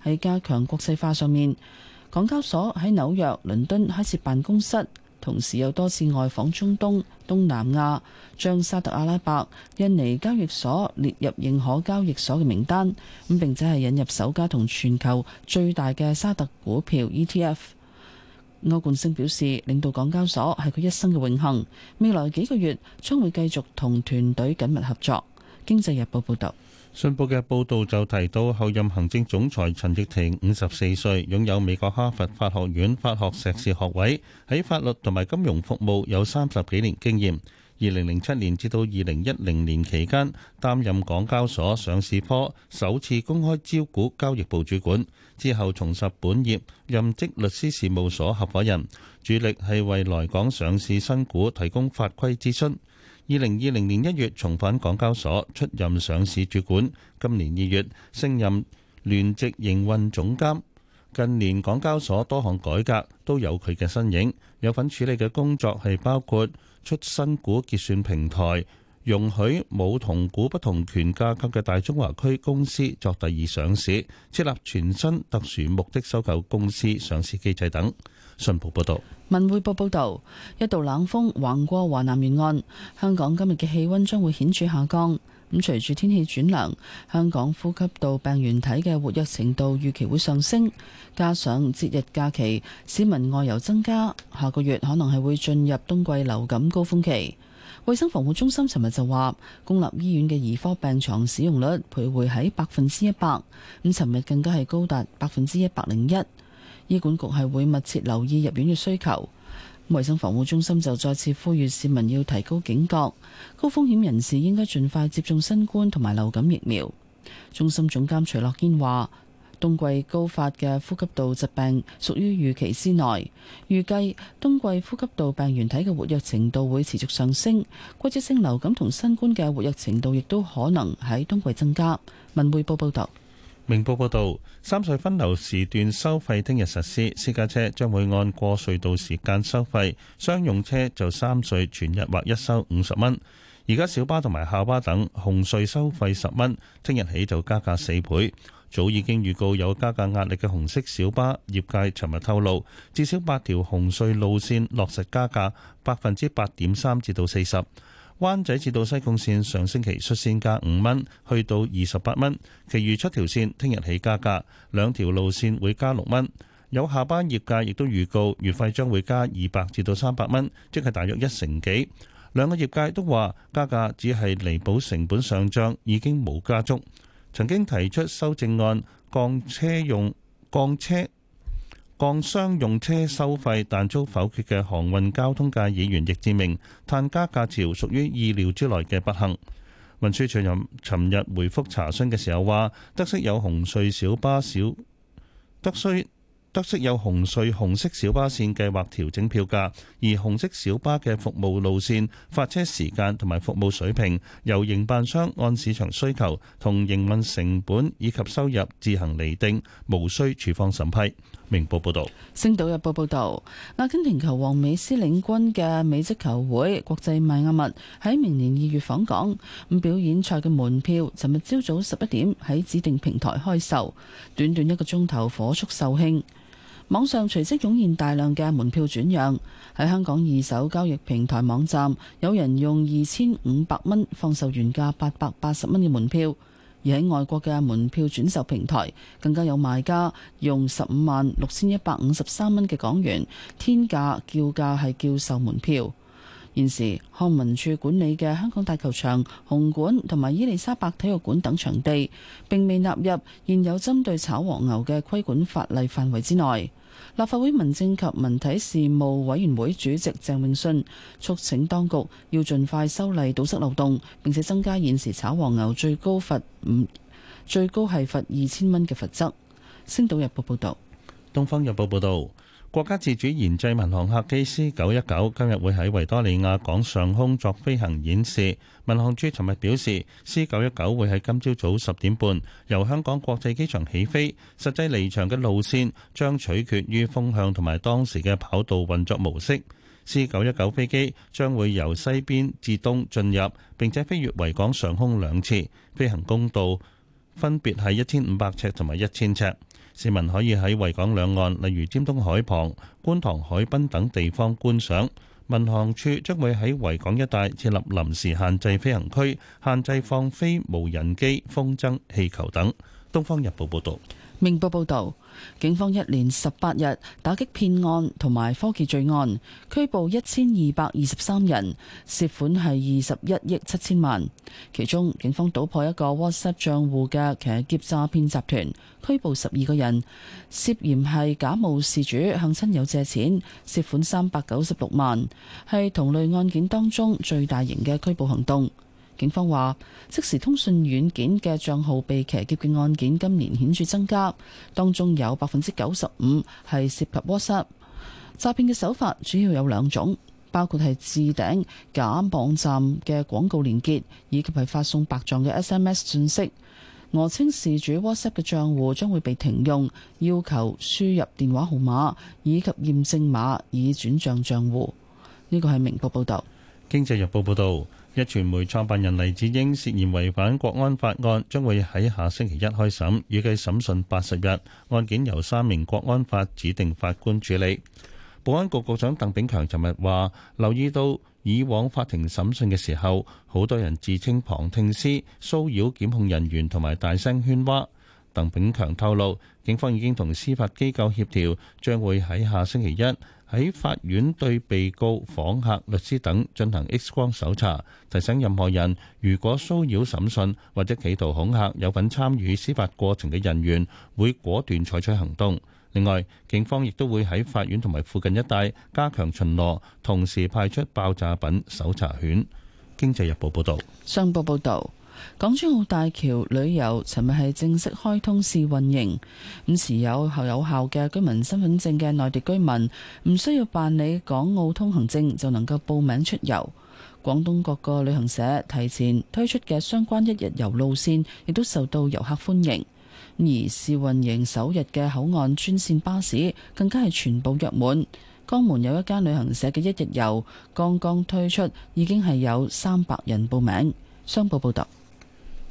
C: 喺加強國際化上面，港交所喺紐約、倫敦開設辦公室，同時又多次外訪中東、東南亞，將沙特阿拉伯、印尼交易所列入認可交易所嘅名單，咁並且係引入首家同全球最大嘅沙特股票 ETF。歐冠昇表示，領導港交所係佢一生嘅榮幸。未來幾個月，將會繼續同團隊緊密合作。經濟日報報道，
D: 信報嘅報道就提到，後任行政總裁陳翊庭五十四歲，擁有美國哈佛法學院法學碩士學位，喺法律同埋金融服務有三十幾年經驗。二零零七年至到二零一零年期間，擔任港交所上市科首次公開招股交易部主管，之後重拾本業，任職律師事務所合伙人，主力係為來港上市新股提供法規諮詢。二零二零年一月重返港交所，出任上市主管，今年二月升任聯席營運總監。近年港交所多項改革都有佢嘅身影，有份處理嘅工作係包括，出新股結算平台容許冇同股不同權價級嘅大中華區公司作第二上市，設立全新特殊目的收購公司上市機制等。信報報道，
C: 文匯報報道一度冷風橫過華南沿岸，香港今日嘅氣溫將會顯著下降。咁隨住天氣轉涼，香港呼吸道病原體嘅活躍程度預期會上升，加上節日假期，市民外遊增加，下個月可能係會進入冬季流感高峰期。衛生防護中心尋日就話，公立醫院嘅兒科病床使用率徘徊喺百分之一百，咁尋日更加係高達百分之一百零一。醫管局係會密切留意入院嘅需求。衛生防護中心就再次呼籲市民要提高警覺，高風險人士應該盡快接種新冠同埋流感疫苗。中心總監徐樂堅話，冬季高發嘅呼吸道疾病屬於預期之內，預計冬季呼吸道病原體嘅活躍程度會持續上升，季節性流感同新冠嘅活躍程度亦都可能喺冬季增加。文匯報報道。
D: 明報報道，三隧分流時段收費聽日實施，私家車將會按過隧道時間收費，商用車就三隧全日劃一收五十蚊。而家小巴同埋校巴等紅隧收費十蚊，聽日起就加價四倍。早已經預告有加價壓力嘅紅色小巴業界尋日透露，至少八條紅隧路線落實加價百分之八點三至到四十。灣仔至到西貢線上星期率先加五蚊，去到二十八蚊。其餘七條線聽日起加價，兩條路線會加六蚊。有下班業界亦都預告，月費將會加二百至到三百蚊，即係大約一成幾。兩個業界都話加價只係彌補成本上漲，已經冇加足。曾經提出修正案，降車用降車。放商用車收費，但遭否決嘅航運交通界議員易志明，碳加價潮屬於意料之內嘅不幸。運輸署任尋日回覆查詢嘅時候話，得悉有紅隧小巴小得需得悉有紅隧紅色小巴線計劃調整票價，而紅色小巴嘅服務路線、發車時間同埋服務水平由營辦商按市場需求同營運成本以及收入自行厘定，無需署方審批。明報報道，
C: 《星島日報》報導，阿根廷球王美斯領軍嘅美職球會國際邁阿密喺明年二月訪港，咁表演賽嘅門票，尋日朝早十一點喺指定平台開售，短短一個鐘頭火速售罄，網上隨即湧現大量嘅門票轉讓，喺香港二手交易平台網站，有人用二千五百蚊放售原價八百八十蚊嘅門票。而喺外國嘅門票轉售平台，更加有賣家用十五萬六千一百五十三蚊嘅港元天價，叫價係叫售門票。現時康文署管理嘅香港大球場、紅館同埋伊利沙伯體育館等場地，並未納入現有針對炒黃牛嘅規管法例範圍之內。立法會民政及文體事務委員會主席鄭泳信促請當局要盡快修例堵塞漏洞，並且增加現時炒黃牛最高罰五最高係罰二千蚊嘅罰則。星島日報報道。
D: 東方日報報道，國家自主研製民航客機 C 九一九今日會喺維多利亞港上空作飛行演示。民航處尋日表示，C 九一九會喺今朝早十點半由香港國際機場起飛，實際離場嘅路線將取決於風向同埋當時嘅跑道運作模式。C 九一九飛機將會由西邊至東進入，並且飛越維港上空兩次，飛行高度分別係一千五百尺同埋一千尺。市民可以喺維港兩岸，例如尖東海旁、觀塘海濱等地方觀賞。民航處將會喺維港一帶設立臨時限制飛行區，限制放飛無人機、風箏、氣球等。東方日報報道，
C: 明報報道。警方一連十八日打擊騙案同埋科技罪案，拘捕一千二百二十三人，涉款係二十一億七千萬。其中警方搗破一個 WhatsApp 賬戶嘅騎劫詐騙集團，拘捕十二個人，涉嫌係假冒事主向親友借錢，涉款三百九十六萬，係同類案件當中最大型嘅拘捕行動。警方話，即時通訊軟件嘅帳號被騎劫嘅案件今年顯著增加，當中有百分之九十五係涉及 WhatsApp。詐騙嘅手法主要有兩種，包括係置頂假網站嘅廣告連結，以及係發送白撞嘅 SMS 訊息。訛稱事主 WhatsApp 嘅賬戶將會被停用，要求輸入電話號碼以及驗證碼以轉賬賬戶。呢個係明報報道。
D: 《經濟日報》報道。一傳媒創辦人黎智英涉嫌違反國安法案，將會喺下星期一開審，預計審訊八十日。案件由三名國安法指定法官處理。保安局局長鄧炳強尋日話：留意到以往法庭審訊嘅時候，好多人自稱旁聽師，騷擾檢控人員同埋大聲喧譁。鄧炳強透露。警方已經同司法機構協調，將會喺下星期一喺法院對被告、訪客、律師等進行 X 光搜查，提醒任何人如果騷擾審訊或者企圖恐嚇有份參與司法過程嘅人員，會果斷採取行動。另外，警方亦都會喺法院同埋附近一帶加強巡邏，同時派出爆炸品搜查犬。經濟日報報道。
C: 商報報道。港珠澳大橋旅遊尋日係正式開通試運營，咁持有有效嘅居民身份證嘅內地居民唔需要辦理港澳通行證，就能夠報名出遊。廣東各個旅行社提前推出嘅相關一日遊路線，亦都受到遊客歡迎。而試運營首日嘅口岸專線巴士更加係全部約滿。江門有一間旅行社嘅一日遊剛剛推出，已經係有三百人報名。商報報道。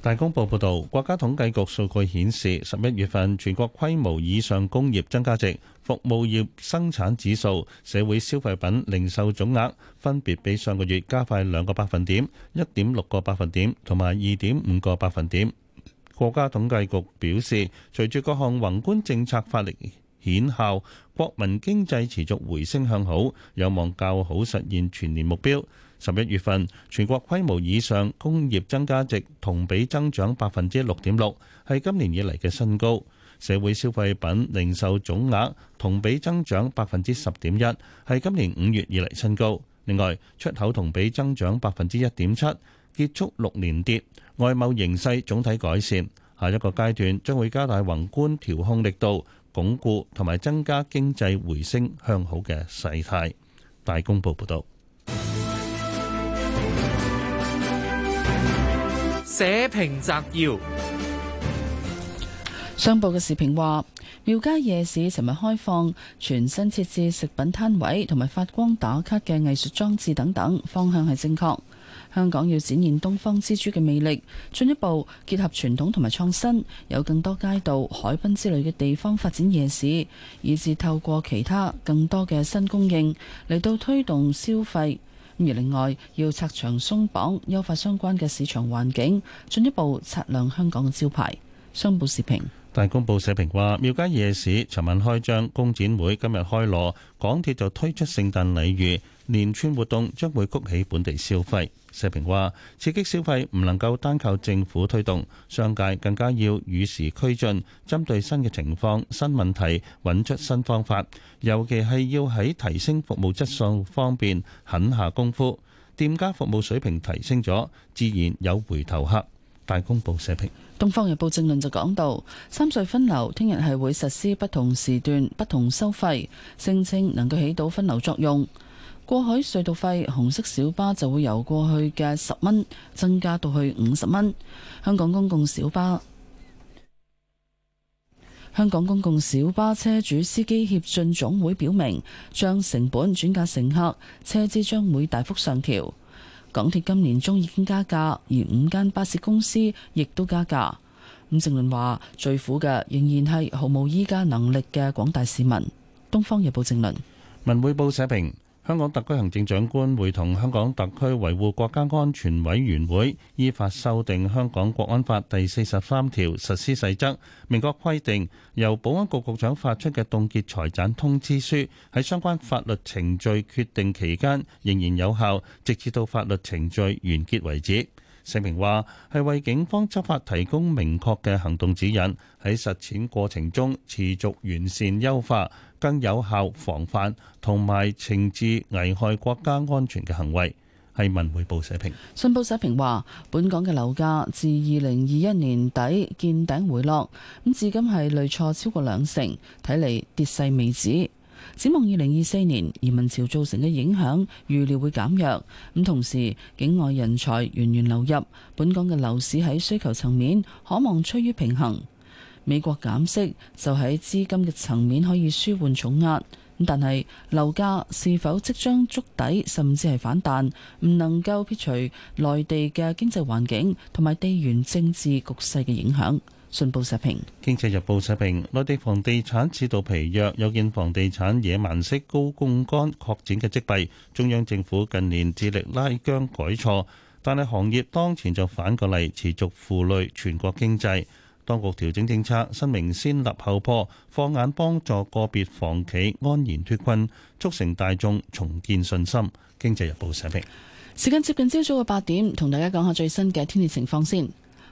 D: 大公報報道，國家統計局數據顯示，十一月份全國規模以上工業增加值、服務業生產指數、社會消費品零售總額分別比上個月加快兩個百分點、一點六個百分點同埋二點五個百分點。國家統計局表示，隨住各項宏觀政策發力顯效，國民經濟持續回升向好，有望較好實現全年目標。十一月份全國規模以上工業增加值同比增長百分之六點六，係今年以嚟嘅新高；社會消費品零售總額同比增長百分之十點一，係今年五月以嚟新高。另外，出口同比增長百分之一點七，結束六年跌。外貿形勢總體改善，下一個階段將會加大宏觀調控力度，鞏固同埋增加經濟回升向好嘅勢態。大公報報道。
C: 社評摘要。商報嘅時評話，廟街夜市尋日開放，全新設置食品攤位同埋發光打卡嘅藝術裝置等等，方向係正確。香港要展現東方之珠嘅魅力，進一步結合傳統同埋創新，有更多街道、海濱之類嘅地方發展夜市，以至透過其他更多嘅新供應嚟到推動消費。而另外，要拆牆鬆綁，優化相關嘅市場環境，進一步擦亮香港嘅招牌。商報視頻，
D: 大公報社評話廟街夜市尋晚開張，工展會今日開鑼，港鐵就推出聖誕禮遇。連串活動將會谷起本地消費，社評話刺激消費唔能夠單靠政府推動，商界更加要與時俱進，針對新嘅情況、新問題，揾出新方法。尤其係要喺提升服務質素方面狠下功夫，店家服務水平提升咗，自然有回頭客。大公報社評，
C: 《東方日報正論》就講到，三隧分流聽日係會實施不同時段不同收費，聲稱能夠起到分流作用。過海隧道費紅色小巴就會由過去嘅十蚊增加到去五十蚊。香港公共小巴香港公共小巴車主司機協進總會表明，將成本轉嫁乘客，車資將會大幅上調。港鐵今年中已經加價，而五間巴士公司亦都加價。伍正倫話：最苦嘅仍然係毫無議價能力嘅廣大市民。東方日報正論，
D: 文匯報社評。香港特區行政長官會同香港特區維護國家安全委員會依法修訂《香港國安法》第四十三條實施細則，明確規定由保安局局長發出嘅凍結財產通知書喺相關法律程序決定期間仍然有效，直至到法律程序完結為止。聲明話係為警方執法提供明確嘅行動指引，喺實踐過程中持續完善優化，更有效防範同埋懲治危害國家安全嘅行為。係文匯報社評。信報社評話，本港
C: 嘅樓價自二零二一年底見頂回落，咁至今係累挫超過兩成，睇嚟跌勢未止。展望二零二四年移民潮造成嘅影響，預料會減弱。咁同時，境外人才源源流入，本港嘅樓市喺需求層面可望趨於平衡。美國減息就喺資金嘅層面可以舒緩重壓。咁但係樓價是否即將觸底，甚至係反彈，唔能夠撇除內地嘅經濟環境同埋地緣政治局勢嘅影響。信報社評，
D: 《經濟日報》社評：內地房地產市道疲弱，有見房地產野蠻式高槓桿擴展嘅積弊。中央政府近年致力拉僵改錯，但係行業當前就反過嚟，持續負累全國經濟。當局調整政策，新明先立後破，放眼幫助個別房企安然脫困，促成大眾重建信心。《經濟日報》社評。
C: 時間接近朝早嘅八點，同大家講下最新嘅天氣情況先。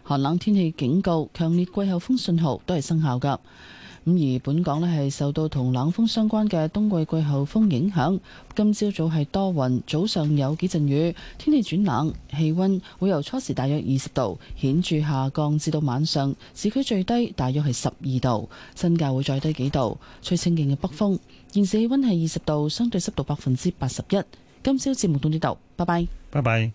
C: 寒冷天氣警告、強烈季候風信號都係生效㗎。咁而本港呢，係受到同冷風相關嘅冬季季候風影響。今朝早係多雲，早上有幾陣雨，天氣轉冷，氣温會由初時大約二十度顯著下降至到晚上，市區最低大約係十二度，新界會再低幾度。吹清勁嘅北風。現時氣温係二十度，相對濕度百分之八十一。今朝節目到呢度，拜拜。拜拜。